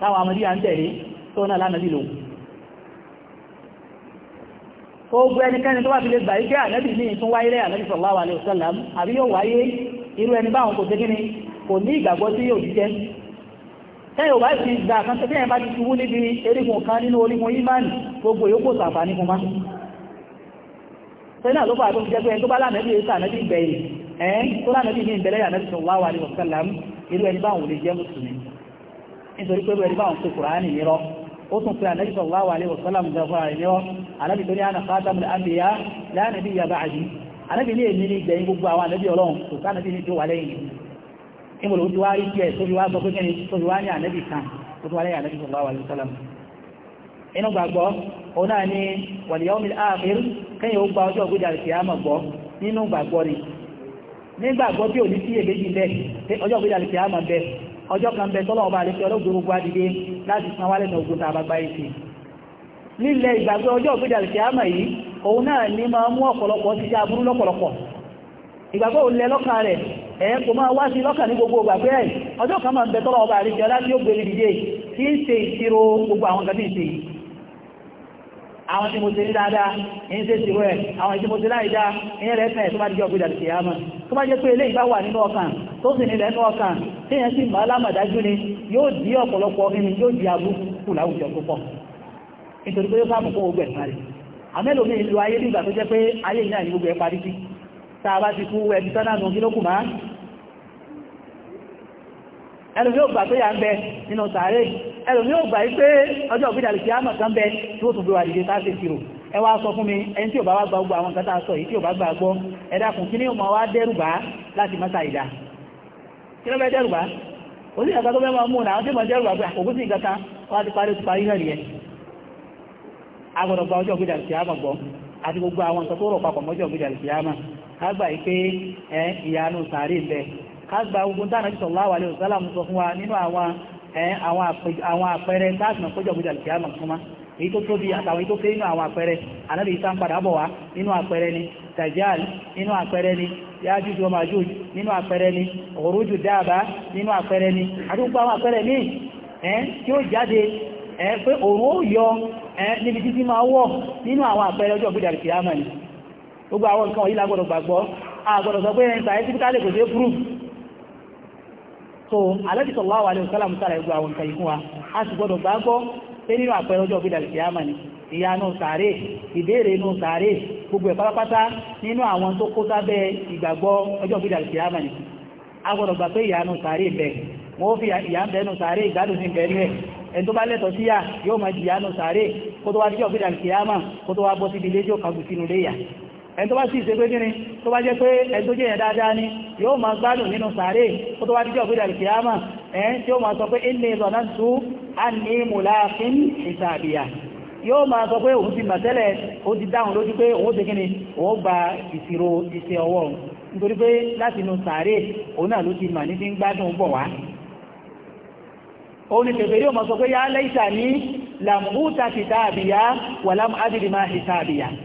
táwọn amadiya ń tẹ̀lé tó náà lánàbí lòun gbogbo ẹnikẹ́ni tó bá fi lè gbà ike ànábì ní ìtún wáyé lẹ́yìn ànábì sallallahu alaihi wasallam àbí yóò wáyé irú ẹni báwọn kò tẹ́ kíni kò ní ìgbàgbọ́ tí yóò jíjẹ́ tẹ́yìn bá ti gbà kan tẹ́ tẹ́yìn bá ti ṣubú níbi erigun kan nínú orígun ìmánì gbogbo yóò sàǹfààní fún ma tẹ́yìn àló fà tó fi jẹ́ pé ẹni tó bá lánàbì èsà ànábì gbẹ̀yìn ẹ̀ tó lánàbì ní ìbẹ̀lẹ́yìn ànábì sallallahu alaihi wasallam irú ẹni báwọn ò jẹ́ mùsùlùmí nítorí pé wẹ́n báwọn pé kùránì nírọ́ ó tún pé ànábì sallallahu alaihi wasallam dẹ́kọ̀ọ́ rẹ̀ nírọ́ ànábì tó ní àná khatamul anbiya la nabiyya ba'di ànábì ní èmi ní gbẹ̀yìn gbogbo àwọn ànábì wà ní ànábì kan tó inú gbàgbọ́ òun náà ni wal yawmil akhir kẹ́yìn ó gba ọjọ́ ògbéjà rẹ̀ kìí àmọ̀ nínú gbàgbọ́ ni nígbàgbọ́ tí ò ní sí èdè jì ọjọ́ ògbéjà rẹ̀ kìí àmọ̀ ọjọ́ kan bẹ tọ́lọ̀ ọba àlẹ́kẹ́ ọlọ́gbọ̀n gbogbo adìde láti san wálẹ̀ náà ogun tàbá gbáyé sí lílẹ̀ ìgbàgbé ọjọ́ òfídà lè kíámà yìí òun náà ní ma mú ọ̀pọ̀lọpọ̀ ti já burú lọ́pọ̀lọpọ̀ ìgbàgbé òun lẹ lọka àwọn tí mo ṣe ní dáadáa ní ṣe ṣe rẹ̀ àwọn tí mo ṣe láìdá ní ẹ̀rẹ́ fẹ́ tó bá jẹ́ ọ̀gbẹ̀dà lè yá mọ́ tó bá jẹ́ pé eléyìí bá wà nínú ọkàn tó sì nílẹ̀ nínú ọkàn tí yẹn sì mọ́ alámọ̀dájú ni yóò di ọ̀pọ̀lọpọ̀ nínú yóò di abúkù láwùjọ púpọ̀ nítorí pé yóò sáàmù kó gbogbo ẹ̀ parí àmẹ́lòmí ìlú ayé nígbà tó jẹ́ pé ayé ìyá ìgbogbo ẹ̀ parí sí tá a bá ti kú ẹbí sánà nù kí ló kù máa ẹlòmí ò gbà pé yà ń bẹ nínú sàárè ẹlòmí ò gbà pé ọjọ́ òbí dàbí kìámọ̀ kan bẹ tí ó tún gbé wà dìde sáfẹ́ ìṣirò sọ fún mi ẹni tí ò bá wá gba gbogbo àwọn a sọ yìí tí ò bá gbà gbọ́ kí ni mo wa dẹ́rù láti mọ́ta ìdá kí ló fẹ́ dẹ́rù ó sì kàkà tó máa mú un àwọn tí mo ah, òkú gba ká gba ogun dáná jù sallallahu alaihi wasallam sọ fún wa nínú àwọn àwọn àpẹẹrẹ dáàtùmọ̀ kójọ gbójà lè kíyàmọ̀ fún ma èyí tó tóbi àtàwọn èyí tó fẹ́ nínú àwọn àpẹẹrẹ ànábì ìsá ń padà bọ̀ wá nínú àpẹẹrẹ ni tajal nínú àpẹẹrẹ ni yájújú ọmọ àjú nínú àpẹẹrẹ ni òrújù dáàbá nínú àpẹẹrẹ ni àdúgbò àwọn àpẹẹrẹ míì ẹ́ tí ó jáde ẹ́ pé òun ó yọ ẹ́ níbi títí máa wọ̀ nínú àwọn àpẹẹrẹ ọjọ́ gbójà lè kíyàmọ̀ ni gbogbo àwọn nǹkan wọ̀nyí lágbọ́dọ̀ gbàgbọ́ àgbọ́dọ̀ sọ pé ẹ̀ so Ànábì sallallahu alaihi wasallam sára ẹgbẹ́ àwọn nǹkan a sì gbọ́dọ̀ gbàgbọ́ pé nínú àpẹẹrẹ ọjọ́ òbí dàlẹ̀ kìámà ni ìyanu sàárè ìbéèrè inú sàárè gbogbo ẹ̀ pátápátá nínú àwọn tó kó sábẹ́ ìgbàgbọ́ ọjọ́ òbí dàlẹ̀ kìámà ni a gbọ́dọ̀ gbà pé ìyanu sàárè bẹ̀ wọ́n fi ìyá ń bẹ̀ẹ́nu sàárè ìgbádùn sí bẹ̀ẹ́nu ẹ̀ ẹni tó bá lẹ́tọ̀ sí yà yóò máa jìyà nù sàárè kó tó wá díjọ́ fídà kìámà kó tó wá bọ́ ẹni tó bá sì ṣe pé gíní tó bá jẹ́ pé ẹni yẹn dáadáa ni yóò máa gbádùn nínú sàárè kó tó bá díjọ́ ògbé dàbí kìámà ẹ̀yìn tí ó máa sọ pé ilé ìzọ̀nà tú á ní mùláàfin ìsàbíyà yóò máa sọ pé òun ti mà tẹ́lẹ̀ ó ti dáhùn lójú pé òun ti gíní òun gba ìṣirò iṣẹ́ ọwọ́ nítorí pé láti inú sàárè òun náà ló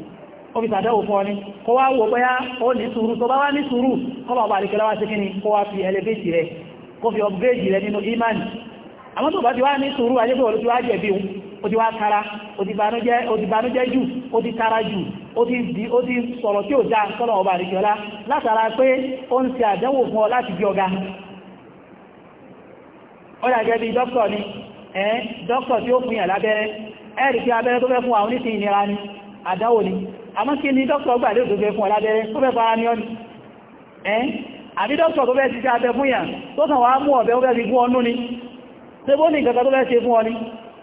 ó fi sàdẹ́wò fún ọní kó wá wò bóyá ó ní sùúrù tó bá wá ní sùúrù kọ́lọ̀ ọba àríkẹ́lẹ́wà sí kíni kó wá fi elevate rẹ̀ kó fi upgrade rẹ̀ nínú Imani, àwọn tó bá ti wá ní sùúrù ayébẹ̀ olú ti wá jẹ̀bi ohun ó ti wá kara ó ti banújẹ́ jù ó ti kara jù ó ti sọ̀rọ̀ tí ó já kọ́lọ̀ ọba àríkẹ́lá látara pé ó ń ṣe àdẹ́wò fún ọ láti bí ọ̀gá ó yàgẹ́ ni ẹ́ dókítà tí ó fún yàn lábẹ́rẹ́ ẹ̀rì pé abẹ́rẹ́ àdáwò ni àmọ́ kí ni dókítà ọgbà lè dòfẹ́ fún ọlábẹ́rẹ́ tó fẹ́ fara ní ọ́nì ẹ́n àbí dókítà tó fẹ́ ti jáde fún yàn tó kàn wá mú ọ̀bẹ́ ó fẹ́ fi gún ọnú ni tó bó ní ìgbẹ̀gbẹ̀ tó fẹ́ ṣe fún ọni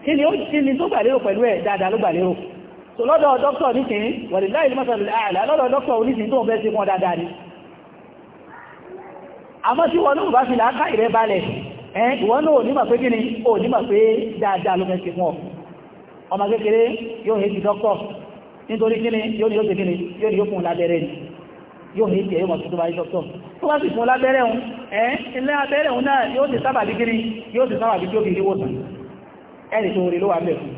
kí ni ó kí ni tó gbà lérò pẹ̀lú ẹ̀ dáadáa ló gbà lérò so lọ́dọ̀ dókítà nísìn wàlìláì lọ́dọ̀ dókítà onísìn tó fẹ́ ṣe fún ọ dáadáa ni àmọ́ tí wọn náà bá fi làákà ìrẹ́ balẹ̀ ẹ́ ìwọ́n náà onímọ̀ pé kíni onímọ̀ pé dáadáa ló fẹ́ ṣe fún ọ ọmọ kékeré yóò hẹ́ ti dókítà nítorí kíni yóò ní yóò ṣe kíni yóò ní yóò fún lábẹ́rẹ́ ni yóò ní ìtì ẹ̀yọ́ mọ̀tún tó bá yí sọ́tọ̀ tó bá sì fún lábẹ́rẹ́ òun ẹ́ ilé abẹ́rẹ́ òun náà yóò ti sábà bí kíni yóò ti sábà bí tí ó fi ríwò ẹni tó ń bẹ̀ fún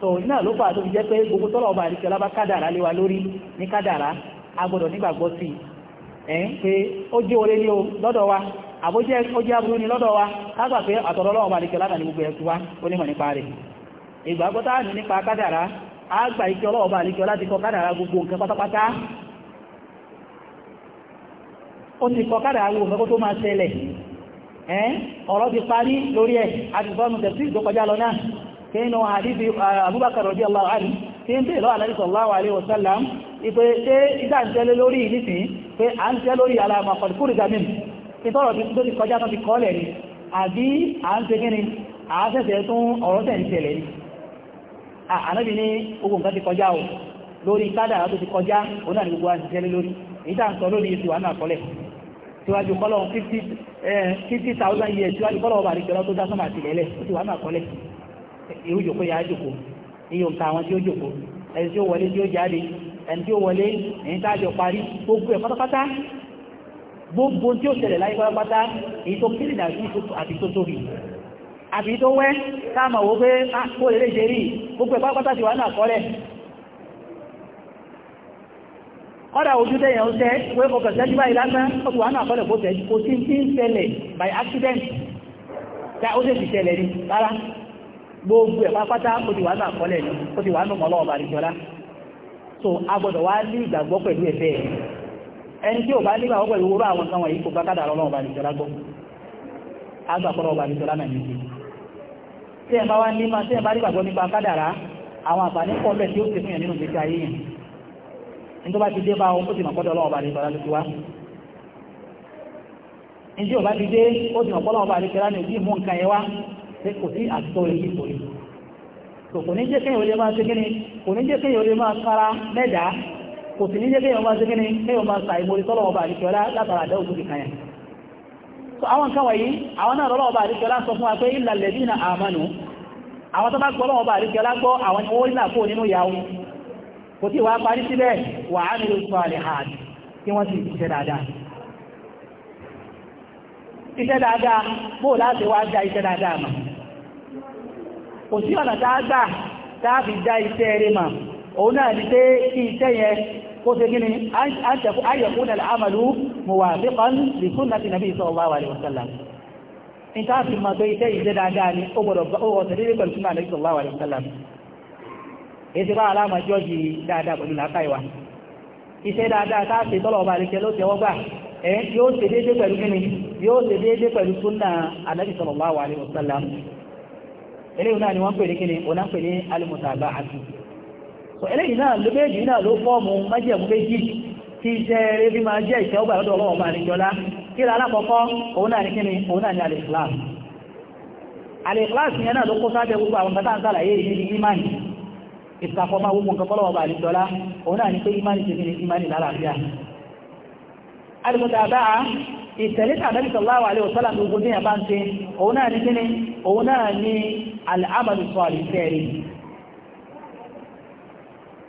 so iná ló fà tó fi jẹ́ pé gbogbo tọ́lọ̀ ọba àdìsẹ́ lábá kádàrá lé wa lórí ní kádàrá a gbọ́dọ̀ nígbàgbọ́ sí ẹ̀ pé ó jẹ́ oore ní o lọ́dọ̀ wa àbójẹ́ ó jẹ́ aburú ní lọ́dọ̀ wa lágbà pé àtọ̀rọ̀ ọlọ́run ọba àdìsẹ́ lábà ní nípa kádàrá àgbà ìkẹ́ ọlọ́ọ̀bá àlíkẹ́ láti kọ kádàrà gbogbo nǹkan pátápátá ó ti kọ kádàrà gbogbo nǹkan tó máa ṣẹlẹ̀ ẹ́n ọ̀rọ̀ ti parí lórí ẹ̀ àti sọ́nù tẹ̀sí ìdókọjá lọ náà kí nínú àdíbi Abubakar radiyallahu anhu tí ń bèèrè Ànábì sallallahu alaihi wasallam ìpé ṣe ìdá ń tẹ́lé lórí ìlísìn pé à ń tẹ́ lórí alama ànábì ní ogun nǹkan ti kọjá o lórí kádàrá tó ti kọjá òun náà ní gbogbo àṣìṣẹ́ lórí èyí tá à ń sọ lórí ti náà kọlẹ̀ síwájú kọ́lọ̀ fifty thousand years síwájú kọ́lọ̀ ọba àdìgbẹ́lọ́ tó dá sọ́mà àtìlẹ́lẹ̀ ó ti wà náà kọlẹ̀ irú jòkó yà á jòkó iye òǹkà àwọn tí ó jòkó ẹni tí ó wọlé tí ó jáde ẹni tí ó wọlé ẹni tá a jọ parí gbogbo ẹ̀ pátápátá gbogbo tí ó ṣẹlẹ̀ láyé pátápátá èyí tó kéré àti tó tóbi àbí tó wẹ́ káàmà wó pé kó lè lè ṣe rí gbogbo ẹ̀pá pátàkì wà náà kọ́lẹ̀ ojú tẹ́ ọkọ̀ báyìí lásán ọkọ̀ wà náà kó tẹ́ kò sí ń by accident tá ó sì ti ṣẹlẹ̀ ní rárá gbogbo ẹ̀pá pátá ó ti wà náà kọ́lẹ̀ ní ó ti wà náà mọ́lọ́ ọba àríjọlá so a gbọ́dọ̀ wá ní ìgbàgbọ́ pẹ̀lú ẹ̀fẹ́ ẹni tí ò tí ẹ bá wá ní máa tí ẹ bá rí gbàgbọ́ nípa kádàrá àwọn àǹfààní pọ̀ bẹ́ẹ̀ tí ó ti fún yàn nínú ìgbésí ayé yẹn ní tó bá ti dé bá wọn ó ti mọ̀pọ́dọ̀ ọlọ́wọ́ bá lè sọ lálẹ́ tiwa ní tí ò bá ti dé ó ti mọ̀pọ́ ọlọ́wọ́ bá lè kẹrá ní òbí mú nǹkan yẹn wá pé kò sí àtúntò èyí kò rí kò kò ní jẹ́ kéèyàn lè máa ṣe kíni kò ní jẹ́ kéèyàn lè máa kára mẹ́dàá kò látara àdáwò tó ti kàn àwọn nǹkan wọ̀nyí àwọn náà rọ́lọ́wọ́ ọba àríkẹ́lá sọ fún kwe pé illa alladhina amanu àwọn tó bá gbọ́ lọ́wọ́ bá àríkẹ́lá gbọ́ àwọn ni wọ́n kó nínú ìyàwó kò tí wà parí wa amilu salihat kí a a kó ṣe kí ni ayẹ̀kún al'amalu muwafiqan li sunnati nabi sallallahu alaihi wasallam in ta fi ma bai sai ije dáadáa ni ó gbọdọ̀ ó wọ́n tẹ̀lé pẹ̀lú sunna nabi sallallahu alaihi wasallam èyí ti bá alama jọ́jì dáadáa pẹ̀lú làákàywa iṣẹ́ dáadáa tá a ṣe tọ́lọ̀ ọba àríkẹ́ ló tẹ́wọ́ gbà ẹ̀ yóò ṣe déédé pẹ̀lú kíni yóò ṣe déédé pẹ̀lú sunna anabi sallallahu alaihi wasallam eléyìí náà ni wọ́n pè ní kíni òun náà pè ní alimusaaba àti eléyìí náà ló méjì náà ló fọ́ọ̀mù májẹ̀mú méjì tí iṣẹ́ eré máa jẹ́ ìṣẹ́ ọgbà lọ́dọ̀ ọlọ́wọ́ máa níjọlá kí ra alákọ̀ọ́kọ́ òun náà ní kíni òun náà ní alìsíláàmù alìsíláàmù yẹn náà ló kó sábẹ́ gbogbo àwọn kátà ń yìí ní ìmánì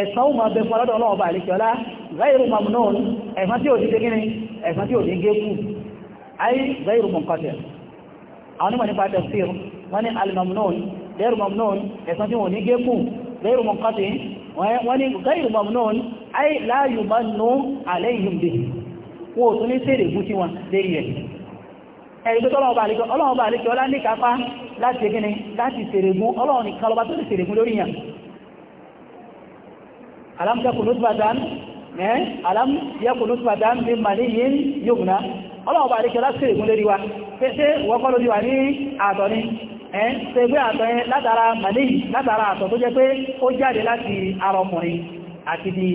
ẹ̀san ó máa bẹ fún alọ́dọ̀ ọlọ́ọ̀bà àríkẹ́ọlá ghayru mamnun ẹ̀san tí ò ní gẹ́gẹ́ ẹ̀san tí ò ní gẹ́kù ayé ghayru munqati' àwọn onímọ̀ nípa tafsir wọ́n ní al-mamnun ghayru mamnun ẹ̀san tí wọ́n ní gẹ́kù ghayru munqati' wọ́n ní ghayru mamnun ayé la yumannu alayhim bihi wọn ò tún ní sèrè gúsí wọn lérí ẹ̀ ẹ̀rìgbé tọ́lọ́wọ́ bá alam yakun nutfatan ẹ́ alam yakun nutfatan min maniyyin yughna ọlọ́wọ́ bá àríkẹ́ láti ṣèrègún lérí wa pẹ́sẹ́ wọ́pọ̀ lórí wa ní àtọ̀ ni ẹ́ ṣẹgbẹ́ àtọ̀ yẹn látara mani látara àtọ̀ tó jẹ́ pé ó jáde láti ara ọkùnrin àti di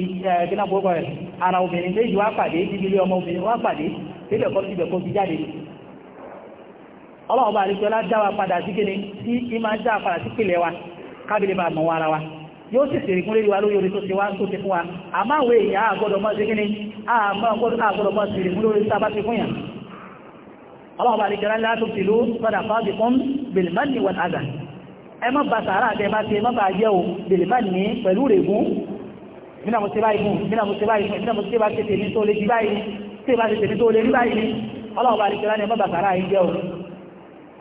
gínàpọ̀ọ́kọ̀ rẹ̀ ara obìnrin méjì wá pàdé níbi ọmọ obìnrin wá pàdé síbẹ̀kọ́ síbẹ̀kọ́ fi jáde ọlọ́wọ́ bá àríkẹ́ lá yóò sì ṣe ìkúnlẹ̀ ìwà lórí orí tó ṣe wá tó ṣe fún wa àmọ́ àwọn èèyàn àgbọ́dọ̀ mọ́ sí kíní àgbọ́dọ̀ mọ́ sí ìrìnkúnlẹ̀ orí sábà ti fún yàn ọlọ́ọ̀bà àríkẹ́rẹ́ ńlá tó ti ló sọ́dà fáàbì fún bèlìmánì wọn àgbà ẹ má ba sàárà àti ẹ ti má ba jẹ́ o bèlìmánì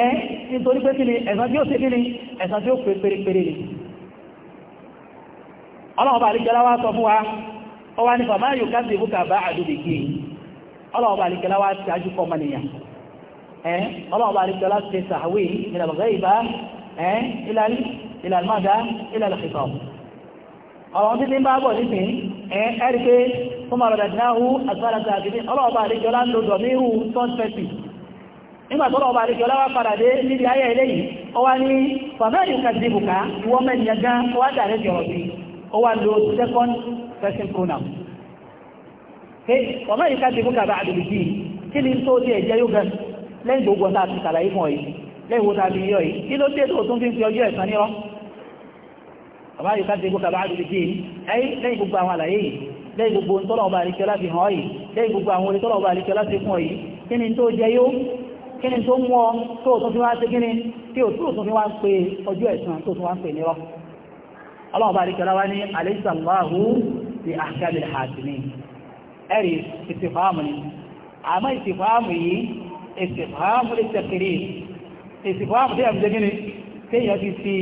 ẹ́ nítorí pé kí ni ẹ̀san tí ó ṣe kí ni ẹ̀san tí ó pè pèrèpèrè ni ọlọ́ọ̀bà àríkẹ́lá wá sọ fún wa ó wá ní fàmá yóò káàkiri búkà bá àdúgbè kí ọlọ́ọ̀bà àríkẹ́lá wá ti ajú kọmọ nìyàn ẹ́ ọlọ́ọ̀bà àríkẹ́lá ti sàwé ìlàlọ́gẹ́ ìbá ẹ́ ìlàlmọ́dá ìlàlọ́fẹ́kọ̀ọ́ àwọn títí ń pé fún mọ̀rọ̀dàdínáhù àtàràtà àti ọlọ́ọ̀bà àríkẹ́lá ń lo dọ̀míhù 130 nígbàtọ́lọ̀ ọba àríkẹ́ ọlọ́wà padà dé níbi ayẹ́ ilé yìí ó wá ní fàmẹ́rin kàdìbùká ìwọ́n mẹ́rin gan ó wá dà lẹ́jọ́ ọ̀sí ó wá lo second person pronoun pé fàmẹ́rin kàdìbùká bá àdìbìkì kí ni tó dé ẹ̀jẹ́ yóò gan lẹ́yìn gbogbo ọ̀tá àti sàlàyé fún ọ̀yí lẹ́yìn wọ́n tàbí yọ yìí kí ló dé tó tún fi ń fi ọjọ́ ẹ̀sán nírọ́ fàmẹ́rin kàdìbùká bá àdìbìkì ẹ̀yìn lẹ́yìn gbogbo àwọn àlàyé yìí lẹ́yìn gbogbo tọ́lọ̀ ọba àríkẹ́ láti hàn yìí lẹ́yìn gbogbo àwọn orí tọ́lọ̀ ọba àríkẹ́ láti fún ọ̀yí kí ni tó jẹ yóò kí ni tó mú ọ tó o tún fi wá ṣe kí ni tí o tún fi wá pé ọjọ́ ẹ̀san tó tún wá pè nírọ́ ọlọ́run bá rí kẹlá wá ní alaysa Allahu bi ahkamil hakimin ẹ̀rí ìsìfàámù ni àmọ́ ìsìfàámù yìí ìsìfàámù lè tẹ̀kìrì ìsìfàámù tí a fi ṣe kí ni tí ti fi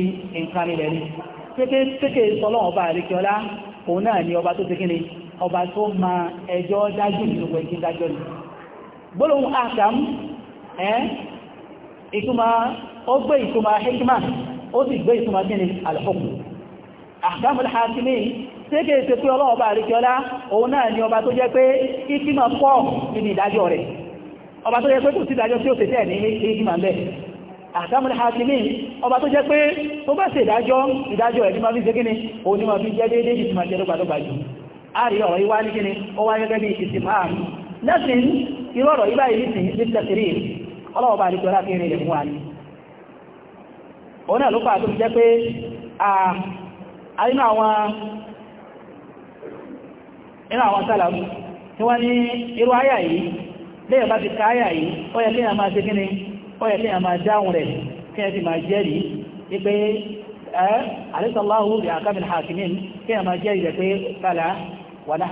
ìtumà ó gbé ìtumà hikima ó sì gbé ìtumà gini alhukum ahkamul hakimi tẹ́kẹ̀ ìṣẹ́ pé ọlọ́ọ̀bá àríkíọ́lá òun náà ni ọba tó jẹ́ pé pọ̀ nínú ìdájọ́ rẹ̀ ọba tó jẹ́ pé kò sí ìdájọ́ tí ó ní bẹ́ẹ̀ ọba tó jẹ́ pé tó bá ṣe ìdájọ́ ìdájọ́ ni ma fi jẹ́ déédéé ìtumà jẹ́ jù àrí ọ̀rọ̀ ní gíní ó wá gẹ́gẹ́ bí ọlọ́wọ́ bá àdíkọ́lá fi rìnlẹ̀ fún wa ní òun náà ló fà tó jẹ́ pé àrínú àwọn sálàmù tí wọ́n ní irú àyà yìí lẹ́yìn bá ti ká yìí máa ṣe ni ó yẹ máa dáhùn rẹ̀ kíyàn ti máa jẹ́rìí wípé àrísàláhù bí àkàmìlì hakimin a máa jẹ́rìí rẹ̀ pé kálá wà náà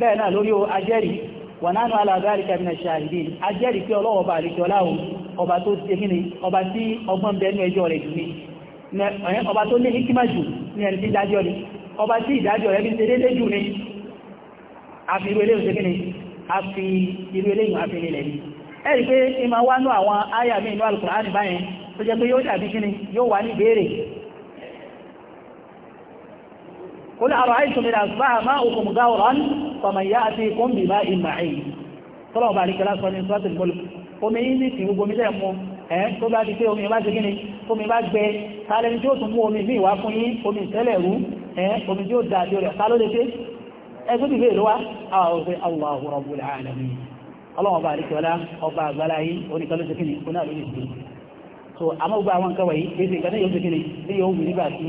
bẹ́ẹ̀ náà lórí ajẹ́rì wà nánú alágbàríkà mina ṣàìdí ajẹ́rì pé ọlọ́wọ́ bá àlejò ọláhùn ọba tó ṣe kí ni ọba tí ọgbọ́n bẹnu ní ọba ni ọba tí ìdájọ́ rẹ̀ bí ṣe déédé jù ní àfi irú eléyìí ṣe ni àfi ni ẹ̀rí pé ìmọ̀ wá nú àwọn áyà mi inú Al-Qur'an قل أرأيتم إن أصبح ماؤكم غورا فمن يأتيكم بماء معين tọ́lọ̀ bá àríkẹ́lá sọ ní sọ́tì mọ́lù omi ní ti gbogbo mílẹ̀ mú ẹ́ tó bá ti pé omi bá ti gíní omi bá gbẹ tààlẹ́ni tí ó tún mú omi mí wá fún yín omi ìtẹ́lẹ̀ rú ẹ́ omi tí ó dà sí rẹ̀ tààlódé pé ẹgbẹ́ ìgbé ìlú wa àwọn òfin Allahu Rabbul Alamin ọlọ́wọ́ bá àríkẹ́lá ọba àgbàlá yìí oníkẹ́lóṣe kíni onáà lórí ìsìn so àmọ́ gbogbo àwọn nǹkan wọ̀nyí gbèsè ìkànnì yóò ṣe kíni ní yóò wù nígbà tí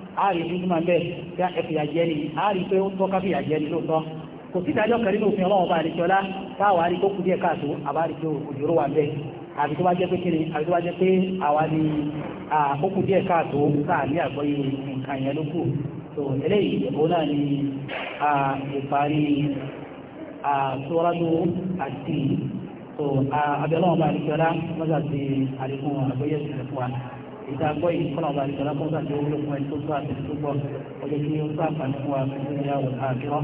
ààrí ìjúmọ̀ bẹ́ẹ̀ tí a ẹ̀fìyà jẹ́ ni ààrí pé ó tọ́ka fìyà jẹ́ ni lóòtọ́ kò sí ìdájọ́ kan nínú òfin ọlọ́run ọba àdìsọ́lá táwa rí tó kù díẹ̀ káàtó àbárí pé òjòrò wà bẹ́ẹ̀ àbí tó bá jẹ́ pé kíni àbí tó bá jẹ́ pé àwa ni ó kù díẹ̀ káàtó káà ní àgbọ́yé nǹkan yẹn ló kù tó eléyìí òun náà ni ìparí àtúrọ́dù àti àbẹ̀lọ́run ọba àdìsọ́lá mọ́sàtì àdìkún àgbọ́yé ìsìnkú wa ìdágbọ́ yìí fún àwọn àìsàn lápọ́sà tí ó wúlò fún ẹni tó tó àti tó gbọ́ ọjọ́ kí ó tó àǹfààní fún wa fún ìyá wọn àjọ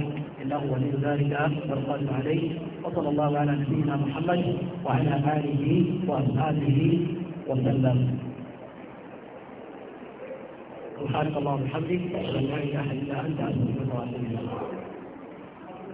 إنه ولي ذلك والقادر عليه وصلى الله على نبينا محمد وعلى آله وأصحابه وسلم سبحانك اللهم وبحمدك أشهد أن لا إله إلا أنت أستغفرك وأتوب إليك